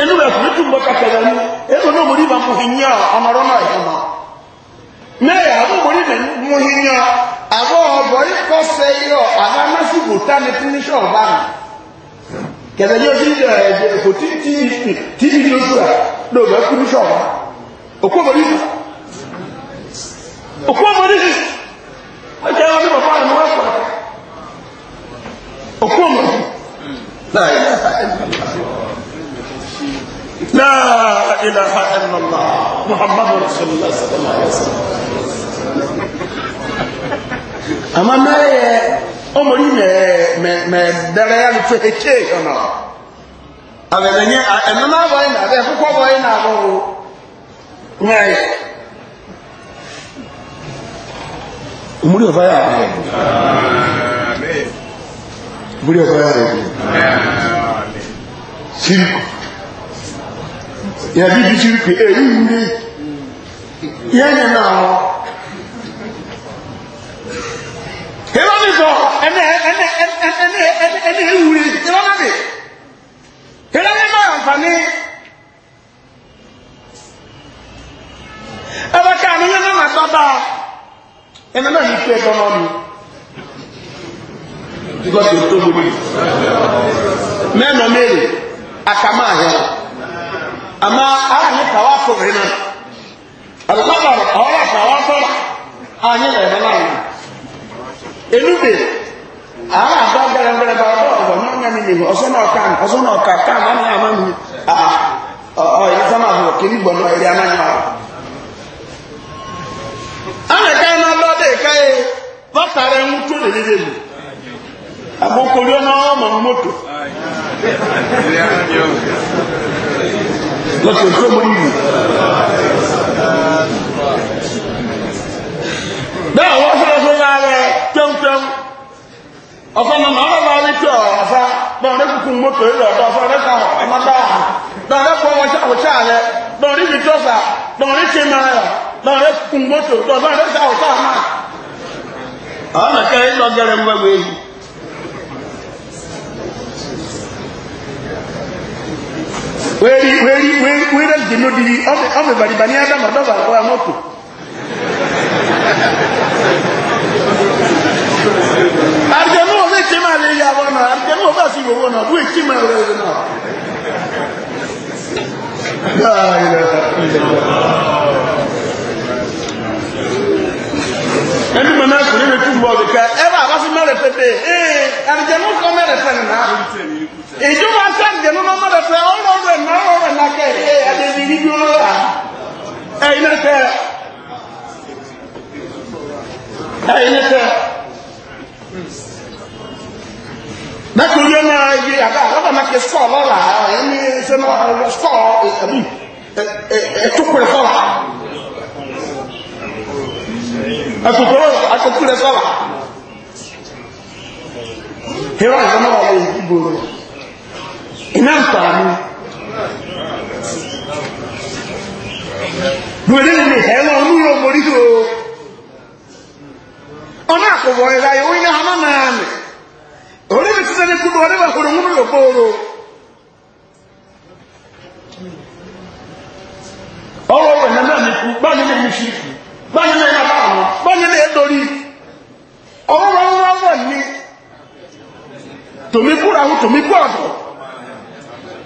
ẹnu rẹ̀ fún tún bọ́ka pẹ̀lẹ̀ ní ẹnu náà mórí ma mú hinyà ọmọrọ náà ìhàmà mẹ́rin àwọn mórí mi mú hinyà àwọn ọ̀bọ̀ ikọ̀ sẹ́ yọ àwọn amásìkò tá ní fúnisọ̀ ọ̀bá mi kẹ̀lẹ́ yóò ti yẹ ẹ̀jẹ̀ kò tí tí tí tí ní oṣù rẹ̀ ló bẹ́ fúnisọ̀ ọ̀bá òkú ọmọdé sì òkú ọmọdé sì wọ́n jẹ́ wọn ní bàbá àná wọ́n pàdé òkú ọmọdé láì láì láì لا إله إلا الله محمد رسول الله صلى الله عليه وسلم أما ما أمري ما ما دريان في كي أنا أبدا أنا ما بين أبدا فكوا بين أبو نعم أمري وفايا أمري وفايا أمري شركه yàtí bí ṣíríkì èyí ní yẹ́nyẹ̀ náà wọ́n ìrọ́ ní sọ ẹni ìwúrí ìrọ́ náà dì ìrọ́ ní náà àǹfààní ẹbẹ́ ká ní yẹ́n náà sọ́dá ẹni náà ní pé ẹgbọ́n náà ni ìgbọ́sẹ̀ tó gbogbo mẹ́nà ama ara ne tawafo hena alqadar awara tawafo anyi na hena na enube ara ba gara gara ba ba ba na nya ni ni oso na ka oso na ka ka na na ma mi ah o ya sama ho kiri gbo na ri ana nya ana ka na ba de kai ba tare mutu le le le abokori ona o ma moto láti ọjọ́ mọ́ ìlú bẹ́ẹ̀ wọ́n fẹ́ fún láàrẹ tẹ́mtẹ́m ọ̀fẹ́ na náà wọ́n tí ọ̀fẹ́ bẹ́ẹ̀ rẹ́ kúkú mọ́tò ilẹ̀ ọ̀dọ́ ọ̀fẹ́ rẹ́ ká ọmọdá bẹ́ẹ̀ rẹ́ kọ́ wọn ṣàwọ̀ṣà rẹ bẹ́ẹ̀ rí bìtọ́sà bẹ́ẹ̀ rí ṣe máa rẹ̀ bẹ́ẹ̀ rẹ́ kúkú mọ́tò ọ̀fẹ́ rẹ́ wíwẹ́ dènà dìrí ọmọ ìbàdìbà ní adam àdọ́bà àkọ́yà mọ́tò àrìjẹ̀mú ọ̀fẹ́ èké máa lè yà wọ́n náà àrìjẹ̀mú ọ̀fẹ́ àti ìwòwò náà bú èké máa lè yà náà ẹni mọ̀ náà kò ní lè túnbọ̀ ọ̀dẹ̀ká ẹwà àbáfí mẹ́rẹ̀ pẹ́pẹ́ ẹ̀ àrìjẹ̀mú kọ́ mẹ́rẹ̀ pẹ́ nìyà èyí máa ń sáǹjẹ̀ lọ́nà mọ́lẹ̀ fẹ́ ọ̀rọ̀ rẹ̀ náà rẹ̀ náà kẹ́ ẹ̀ ẹ̀dẹ̀bí ní bí wọ́n rà ẹ̀yìn ẹ̀tẹ́ ẹ̀yìn ẹ̀tẹ́ mẹ́kùnrin yẹn náà yé àbá àbá máa kẹ sọ̀ lọ́la ẹ̀yìn ní ṣe máa sọ̀ ẹ̀bí ẹ̀túkùrẹ̀ sọ̀la ẹ̀túkùrẹ̀ sọ̀la hẹ́rọ̀ ìfọ́nà wà lóyún ìgbòho rẹ̀ ina nfaani duane ne ne hɛn wɔn mu yɛ ɔmɔri do ɔno akɔbɔ yɛ la yɛ wɔn yɛ hama naani ɔno bi sisan ne kudu ɔno bɛ koro ŋunu yɛ koro ɔwɔ wɛ nana ne ku ba ne ne mu si ku ba ne ne yɛ ba ano ba ne ne yɛ dori ɔwɔ wɔn wɔn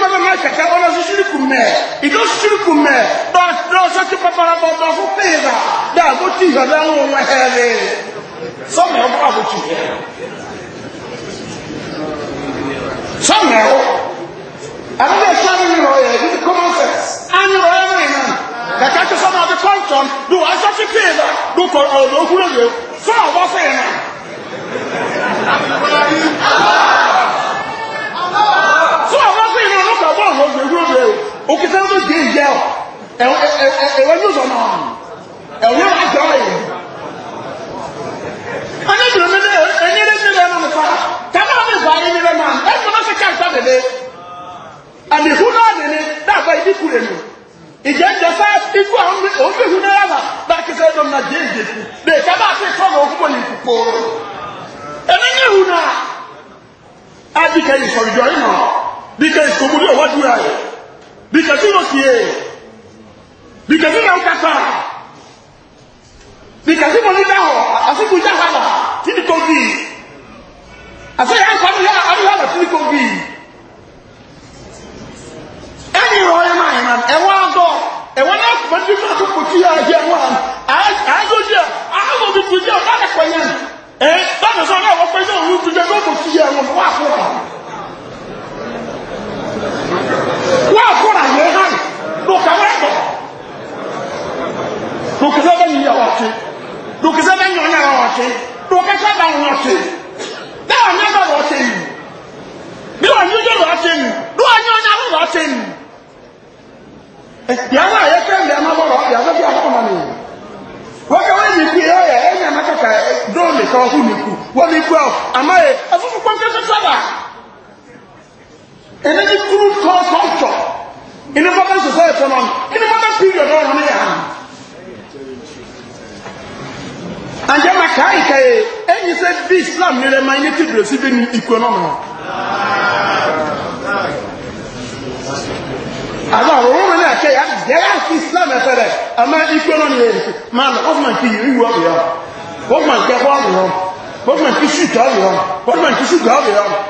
ma bɛ ma kɛkɛ ɔna susuri kun mɛ ìjọ susuri kun mɛ dɔ sɔti papara bɔ dɔ fo pe la ko ti yɔ dɛ ŋo wɛ hɛrɛ sɔmɛ o b'a ko ti yɛ sɔmɛ o ale bɛ sɔn mi yɔrɔ yɛ ibi kɔmɔ fɛ an yɔrɔ yɛ mi na kɛkɛ ti sɔmɔ a bɛ kɔntɔn do a sɔti pe do kɔ ɔ kulo de sɔmɔ o b'a fɛ yɛ na. òkúta ló dé ìjẹ́ ọ̀ ẹ̀wọ̀n ní ọ̀sán náà ẹ̀wọ̀n àjọ yìí. anábìrì mi ní ẹni rẹ̀ nílẹ̀ ẹ̀rọ nípa kàmá mi bá yín nílẹ̀ náà ẹ̀rọ náà fi káàkiri sáà dèlé àdìhù náà dèlé dáàbà ìdí kù rẹ̀ nù. ìjẹ́ ìjẹ́ sáà ikú àwọn òbí ìhù náà rà bá kíkẹ́ ẹ̀dọ́ náà dé ìdè lè kábà fi sọ̀rọ̀ òkúbọ̀ ní ìkúpọ̀ ẹ̀mí ní ìhù náà á bí kẹ́ ìsọ̀rọ̀ ìjọ bikasi no tie bikasi na nkasa bikasi mo ni da hɔ asiku ja ha na tini ko bi ase ya nfa ni ya ɔni ha na tini ko bi ɛni hɔ yɛ ma yɛ ma ɛwɔ adɔ ɛwɔ na akuma ti ma to ko ti ya yɛ mu a azo di a azo di tu di a ba na kɔ yɛ eh, ɛ ba na sɔ na wɔ kɔ yɛ ɔmu tu di a ba ko ti yɛ mu wa ko ma wọ́n àkọ́rà yẹ hàn lókàwọ́ ẹ̀kọ́ lókìsẹ́ bẹ́ yìí ọwọ́ ọ̀tí lókìsẹ́ bẹ́ yìí ọ̀nyàrá ọ̀tí lókìsẹ́ bẹ́ yìí ọ̀tí bẹ́ẹ̀ ọ̀nyàrá ọ̀tí yìí bí wọ́n yóò jọ̀rọ̀ ọ̀tí yìí bí wọ́n yóò nyàrá ọ̀tí yìí yàrá yẹ fẹ́ ndẹ̀ ẹ̀ má bọ̀ ọ̀tí yàrá bí ọ̀tí ọ̀nà nìyí wọ́n kẹ́ wọ́n yìí kú yẹ́ ẹ̀ ẹ̀ nyàmá kàkà dóòlì kan ọ̀hún nìkú wọ́n nìkú ọ̀ àmọ́ yẹ ẹ̀fúnfún pọ́ńkẹ́sẹ̀ sábà ɛnɛ ni kuru kɔɔ kɔntɔ inifɔmɛ sosɛɛtɔ nɔ inifɔmɛ piriɔ nɔ nɔ ne yɛ hàn anjama kaayi ka ye eyi sɛ bi islam ni dɛ ma ye ti bilisi bi ni iko nɔ nɔ ala ɔwɔ wɛrɛ y'a kɛ ya gɛlɛya ti islam ɛfɛ dɛ a ma iko nɔ ni ye maa na o tuma k'i yiri wɔ bi yɔ o tuma k'i ɛfɔ bi yɔ o tuma k'i su tɔ bi yɔ o tuma k'i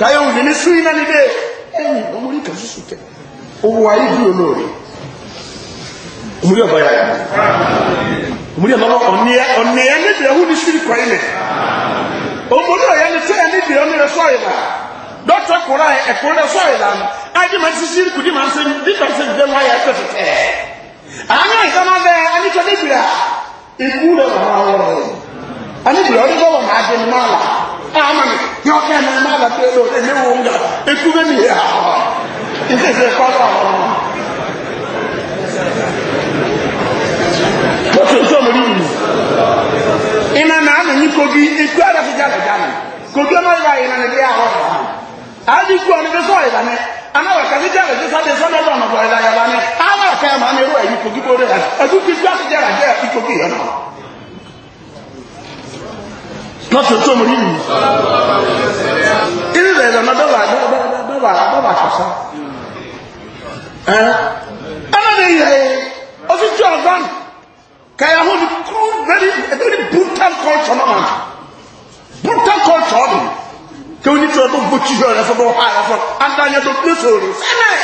kayo ni su ina ni de o eh, omuri kan su te owo ayi bi olori omuri oba ya omuri oba oni oni ya ni de hu ni shiri kwa ile omuri o ya ni te ni de o re so ila dɔtɔ kura yɛ ɛkura sɔ yi la no adi ma sisi kudi ma se di ma se de wa yɛ ɛtɔ tɛ anya nkama bɛ ani tɔ ne bira iku lɛ wɔn awɔrɔ yɛ ani bira ɔdi bɔ wɔn adi ma la amani yọ ọkẹ ẹ mẹrin má bà tẹ lọ ẹ mẹrin wọn gà ekú bẹ nìyẹ ọ ìdíje kọlọ ọ. Wọ́n ti sọ mi ní ìlú. Iná náà nà ní kogi ekú ẹ̀rọ ti jáde jáde. Kogi ọmọ ìlà yìí náà ní bí àwọn ọ̀rọ̀ hàn. Àyè ikú ọ̀nà bí sọ ìlà ní. Aná wà kàdé jáde tí sáde sọ́dọ̀ ọ̀dọ̀ ọ̀nà bọ̀ ìlà yàrá ní. Àwọn ọ̀kẹ́ màá ní irú ẹ̀yìn kogi bó rẹ̀ ẹ̀ láti ọjọ́ mọ̀ yìí irú rẹ̀ lọ́nà dọ́wà àṣàṣà ẹ̀rọ̀dẹ̀ yẹ̀rẹ̀ ọdúnjọ́ ọ̀gbọ́n kẹyàwó ni cruel very very brutal culture náà brutal culture ọ̀dùn kí wọ́n ní tí wọ́n tó gbójú yọ̀ rẹ̀ fọ́dọ̀ ọ̀há rẹ̀ fọ́dọ̀ adáyẹ tó gbé sọ̀rọ̀ sẹ́lẹ̀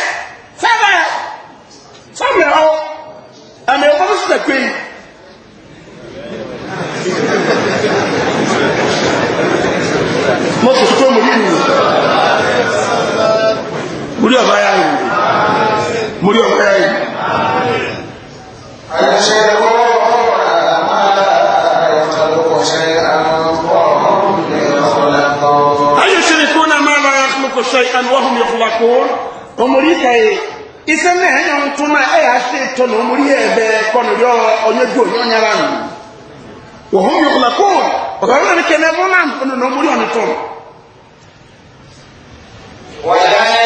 sẹ́lẹ̀ sẹ́lẹ̀ ọ̀ ẹ̀mẹ̀ ọ̀gbọ́n sì mọ́tò tó mọ̀ yìí nìyí múrí ọba yá yìí múrí ọba yá yìí. àṣẹ wọ́n máa tàbùkọ̀ ṣe àlọ́kọ̀ ayé ṣe ni kúnà máa lọ yàtọ̀ lóko ṣe àlọ́hùn yóò fún wa kó ọmọ rí ka yìí iṣẹ́ náà ẹ̀yàn ń tún náà ẹ̀yà ṣe tọ̀nà ọmọ rí ẹ̀bẹ̀ kọ́nù yọ ọ̀nyẹ́dù ọ̀nyẹ́nyára nù. wọ́n hùn yóò fún wa kó ọ̀gá ولا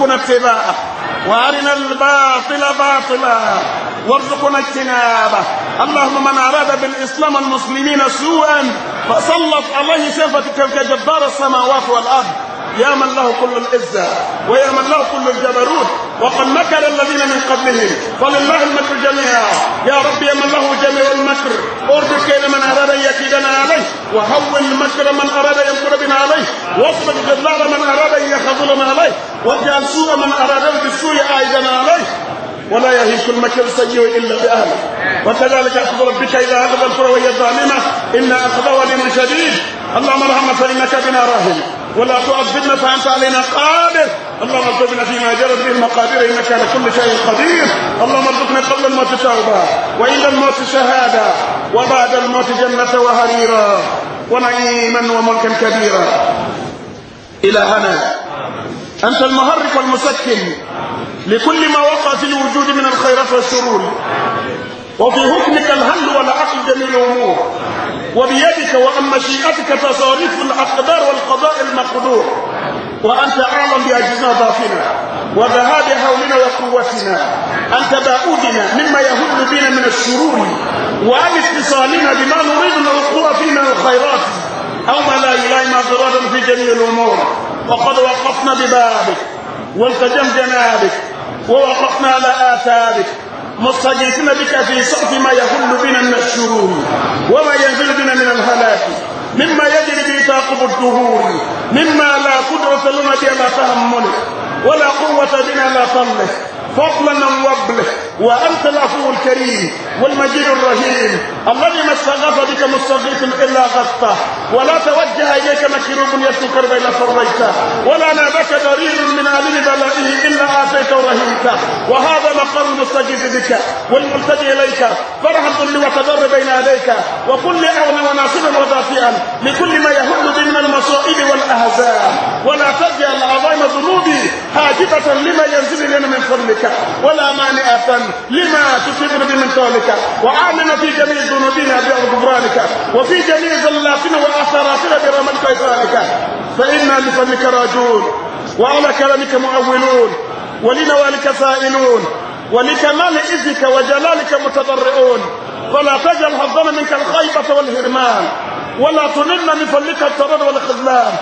وارزقنا اتباعه وارنا الباطل باطلا وارزقنا اجتنابه اللهم من اراد بالاسلام المسلمين سوءا فسلط عليه شفتك كجبار السماوات والارض يا من له كل العزة ويا من له كل الجبروت وقد مكر الذين من قبلهم فلله المكر جميعا يا رب يا من له جميع المكر ارجو كيد من أراد أن يكيدنا عليه وهون مكر من أراد أن يمكر بنا عليه واصبر جبار من أراد أن يخذلنا عليه واجعل سوء من أراد بالسوء عائدا عليه ولا يهيك المكر السيء إلا بأهله وكذلك أخذ ربك إذا أخذ القرى وهي ظالمة إن أخذ وليم شديد اللهم ارحمنا فإنك بنا راهن ولا تؤذبنا فأنت علينا قادر اللهم ارزقنا فيما جرت به المقادير انك على كل شيء قدير اللهم ارزقنا قبل الموت توبه وإلى الموت شهاده وبعد الموت جنه وهريرا ونعيما وملكا كبيرا الهنا أنت المهرق والمسكن لكل ما وقع في الوجود من الخيرات والسرور وفي حكمك الهل والعقل جميع الأمور وبيدك وأن مشيئتك تصاريف الأقدار والقضاء المقدور وأنت أعلم بأجزنا ضعفنا وذهاب هولنا وقوتنا أنت باؤدنا مما يهد بنا من الشرور وأن اتصالنا بما نريد أن نقوى فينا الخيرات أو ما لا إله إلا في جميع الأمور وقد وقفنا ببابك والتجم جنابك ووقفنا على آثارك مستجيثين بك في صحف ما يهل بنا من الشرور وما ينزل بنا من الهلاك مما يجري به ثاقب الدهور مما لا قدرة لنا بلا لا تهمله ولا قوة بنا لا طلق فضلنا وبله وأنت العفو الكريم والمجيد الرحيم الذي ما استغاث بك مستغيث إلا غثته ولا توجه إليك مكروب يسلك إلا فريته ولا نابك ضرير من آلين بلائه إلا آتيت رهيته وهذا مقر المستجيب بك والملتجي إليك فرحا لي وتضر بين يديك وكل أغنى وناصبا ودافئا لكل ما يهد بي من المصائب والأهزاء ولا تجعل عظيم ذنوبي حاجبة لما ينزل لنا من فضلك ولا مانع فن لما تصيبنا به من طولك وآمن في جميع ذنوبنا بغفرانك وفي جميع ظلاتنا وآثاراتنا برحمتك وإكرامك فإنا لفنك راجون وعلى كرمك مؤولون ولنوالك سائلون ولكمال إذك وجلالك متضرعون فلا تجعل حظنا منك الخيبة والهرمان ولا تنلنا من فضلك الترد والخذلان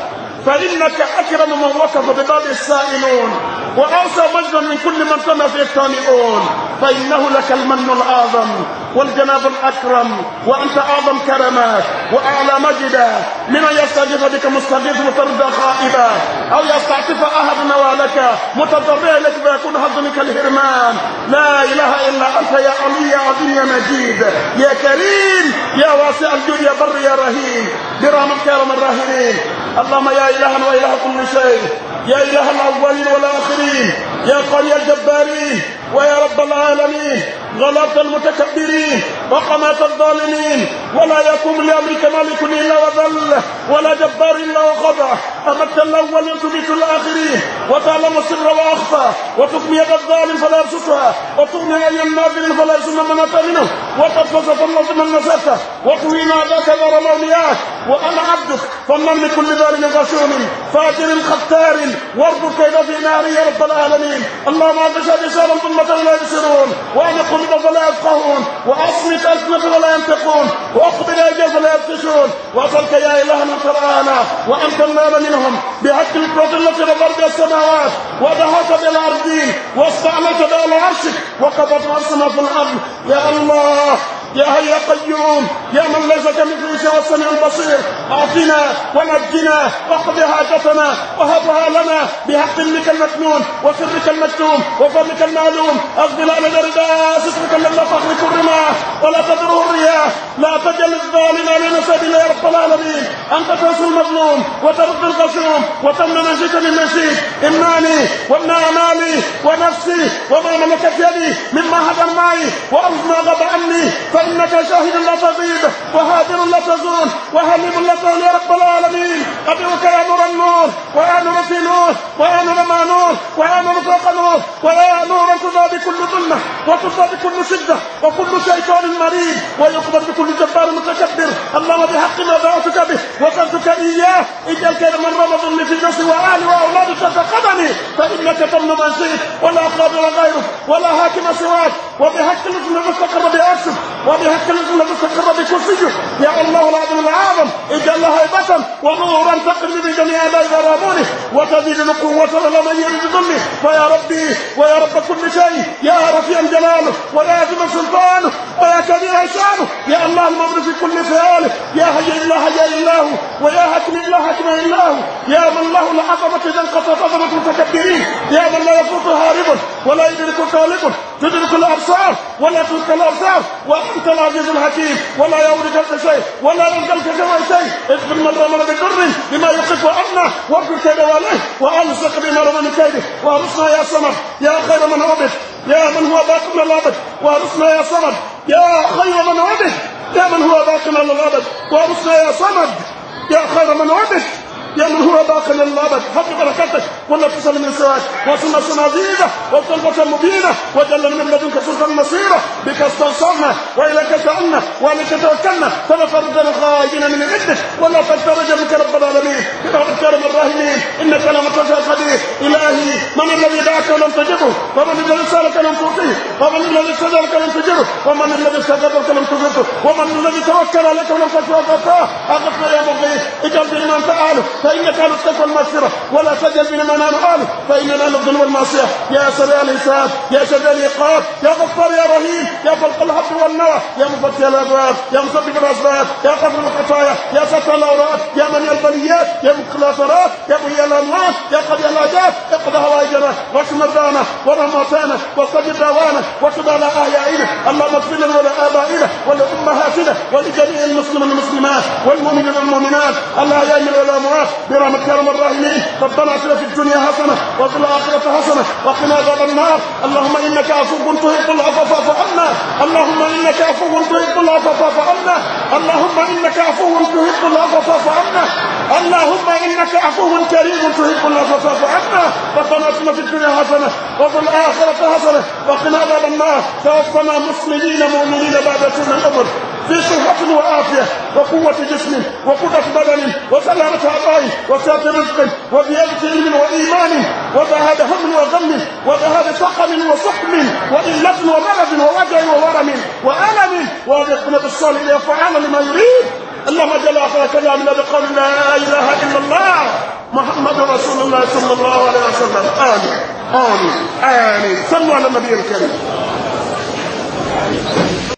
فإنك أكرم من وقف بباب السائلون وأوسع مجدا من كل من كان فيه الطامئون فإنه لك المن الأعظم والجناب الأكرم وأنت أعظم كرما وأعلى مجدا لمن يستجيب بك مستغيث وترضى خائبا أو يستعطف أحد نوالك متضرع لك فيكون حظ منك الهرمان لا إله إلا أنت يا علي يا عظيم يا مجيد يا كريم يا واسع الجود يا بر يا رهيم برحمتك يا رب الراحمين اللهم يا إلهنا وإله كل شيء يا إله الأولين والآخرين يا قوي الجبارين ويا رب العالمين غلط المتكبرين وقمات الظالمين ولا يقوم لأمرك مالك إلا وذل ولا جبار إلا وخضع أمدت الأولين تبيت الآخرين وتعلم السر وأخفى وتقم يد الظالم فلا يبسطها وتغني أي الناظر فلا يسمى من أتى منه وقد فزت الله من نساته واطوي ما ذاك ذر مولياك وانا عبدك فمن لكل ذلك غشوم فاجر ختار واربط كيد في ناري يا رب العالمين اللهم انت شهد ظلمة لا يبصرون وانا قلب فلا يفقهون واصمت اسمت ولا ينطقون لا الاجل لا يبتشون واصلك يا الهنا القران وانت النار منهم بحق الكرة التي لفرد السماوات ودهت بالارضين واستعملت بالعرش وقضت عصمه في الارض يا الله يا هيا قيوم يا من ليس كمثله سوى السميع البصير اعطنا ونجنا واقض حاجتنا وهبها لنا بحق منك المكنون وسرك المكتوم وفضلك المعلوم اغفر لنا رداء سترك الذي فخر كرما الرماح ولا تدره الرياح لا تجل الظالم علينا سبيل يا رب العالمين انت تنصر المظلوم وترد القسوم وتمنع من جئت من شئت اماني وابن امالي ونفسي وما ملكت يدي مما هدم معي وارزنا غضب عني فإنك شاهد لا تزيد وهادر لا تزول وهلم لا تزول يا رب العالمين أدعوك يا نور النور ويا نور في نور ويا نور مع نور ويا نور فوق نور ويا نور تضاد بكل ظلمة وتضاد بكل شدة وكل شيطان مريض ويقبض بكل جبار متكبر اللهم بحق ما دعوتك به وصلتك إياه اجعل كان من رمض في نفسي وأهلي وأولادي تحت قدمي فإنك تمن من ولا قادر غيرك ولا حاكم سواك وبحق نجم المستقر بأسف وبهكذا المستقر بكرسيه يا الله العظيم العظم اجعل له وظهورا ونورا تقلب جميع ما يرامونه وتزيد القوة لما يرد يريد ظلمه فيا ربي ويا رب كل شيء يا رفيع جلاله ولا عظيم سلطانه ويا كبير شانه يا الله المبرز في كل فعاله يا هي الا هي الله ويا حكم الا حكم الله يا من له العظمة اذا انقطعت عظمة المتكبرين يا من لا يفوت هارب ولا يدرك طالب تدرك الابصار ولا تدرك الابصار وانت العزيز الحكيم ولا يورثك شيء ولا ينقلك جوع شيء اذكر من رمل بضر بما يخف وامنه وابكر كيد واليه والصق بما رمى من كيده وارسنا يا صمد يا خير من عبد يا من هو من الابد وارسنا يا صمد يا خير من عبد يا من هو من الابد وارسنا يا صمد يا خير من عبد يا من هو باق المعبد حق بركتك ولا تصل من سواك وسنة عزيزة وطلبة مبينة وجل من لدنك سلطة مصيرة بك استنصرنا وإليك سألنا وإليك توكلنا فلا فرد الخائجين من عندك ولا فاسترج بك رب العالمين برحمتك يا الراحمين إنك لم تشاء قدير إلهي من الذي دعاك ولم تجبه ومن الذي سألك لم تعطيه ومن الذي استجارك لم تجره ومن الذي استجارك لم تجره ومن الذي توكل عليك ولم تشاء فتاه أغفر يا مغيث اجعل بإيمان تعالوا فإن كانت التقوى المغفرة ولا تجل بنا ما نحن أهله فإننا أهل الظلم والمعصية يا سريع الحساب يا شجاع العقاب يا غفار يا رحيم يا خلق الحق والنوى يا مفتي الأبواب يا مصدق الأسباب يا قبر الخطايا يا ستر الأوراق يا من البليات يا مبقي الأثرات يا مهي الأموات يا قضي الأجاب اقضى هوائجنا واشم مرضانا ورحم موتانا واستجب دعوانا واشف على أحيائنا اللهم اغفر لنا ولآبائنا ولأمهاتنا ولجميع المسلمين والمسلمات والمؤمنين والمؤمنات يا أيها الأموات برحمتك رب الراحمين ربنا اتنا في الدنيا حسنه وفي الاخره حسنه وقنا عذاب النار اللهم انك عفو تحب العفو فاعف عنا اللهم انك عفو تحب العفو فاعف عنا اللهم انك عفو تحب العفو فاعف عنا اللهم انك عفو كريم تحب العفو فاعف عنا ربنا اتنا في الدنيا حسنه وفي الاخره حسنه وقنا عذاب النار توفنا مسلمين مؤمنين بعد سن الامر بصحة وعافية وقوة جسمه وقدرة بدنه وسلامة أعضائه وسعة رزقه وزيادة علم وإيمان وذهاب هم وغم وذهاب سقم وسقم وإلة وبلد ووجع وورم وألم وذكرنا بالصالح ليفعل لما يريد اللهم جل وعلا كلامنا بقول لا إله إلا الله محمد رسول الله صلى الله عليه وسلم آمين آمين آمين صلوا على النبي الكريم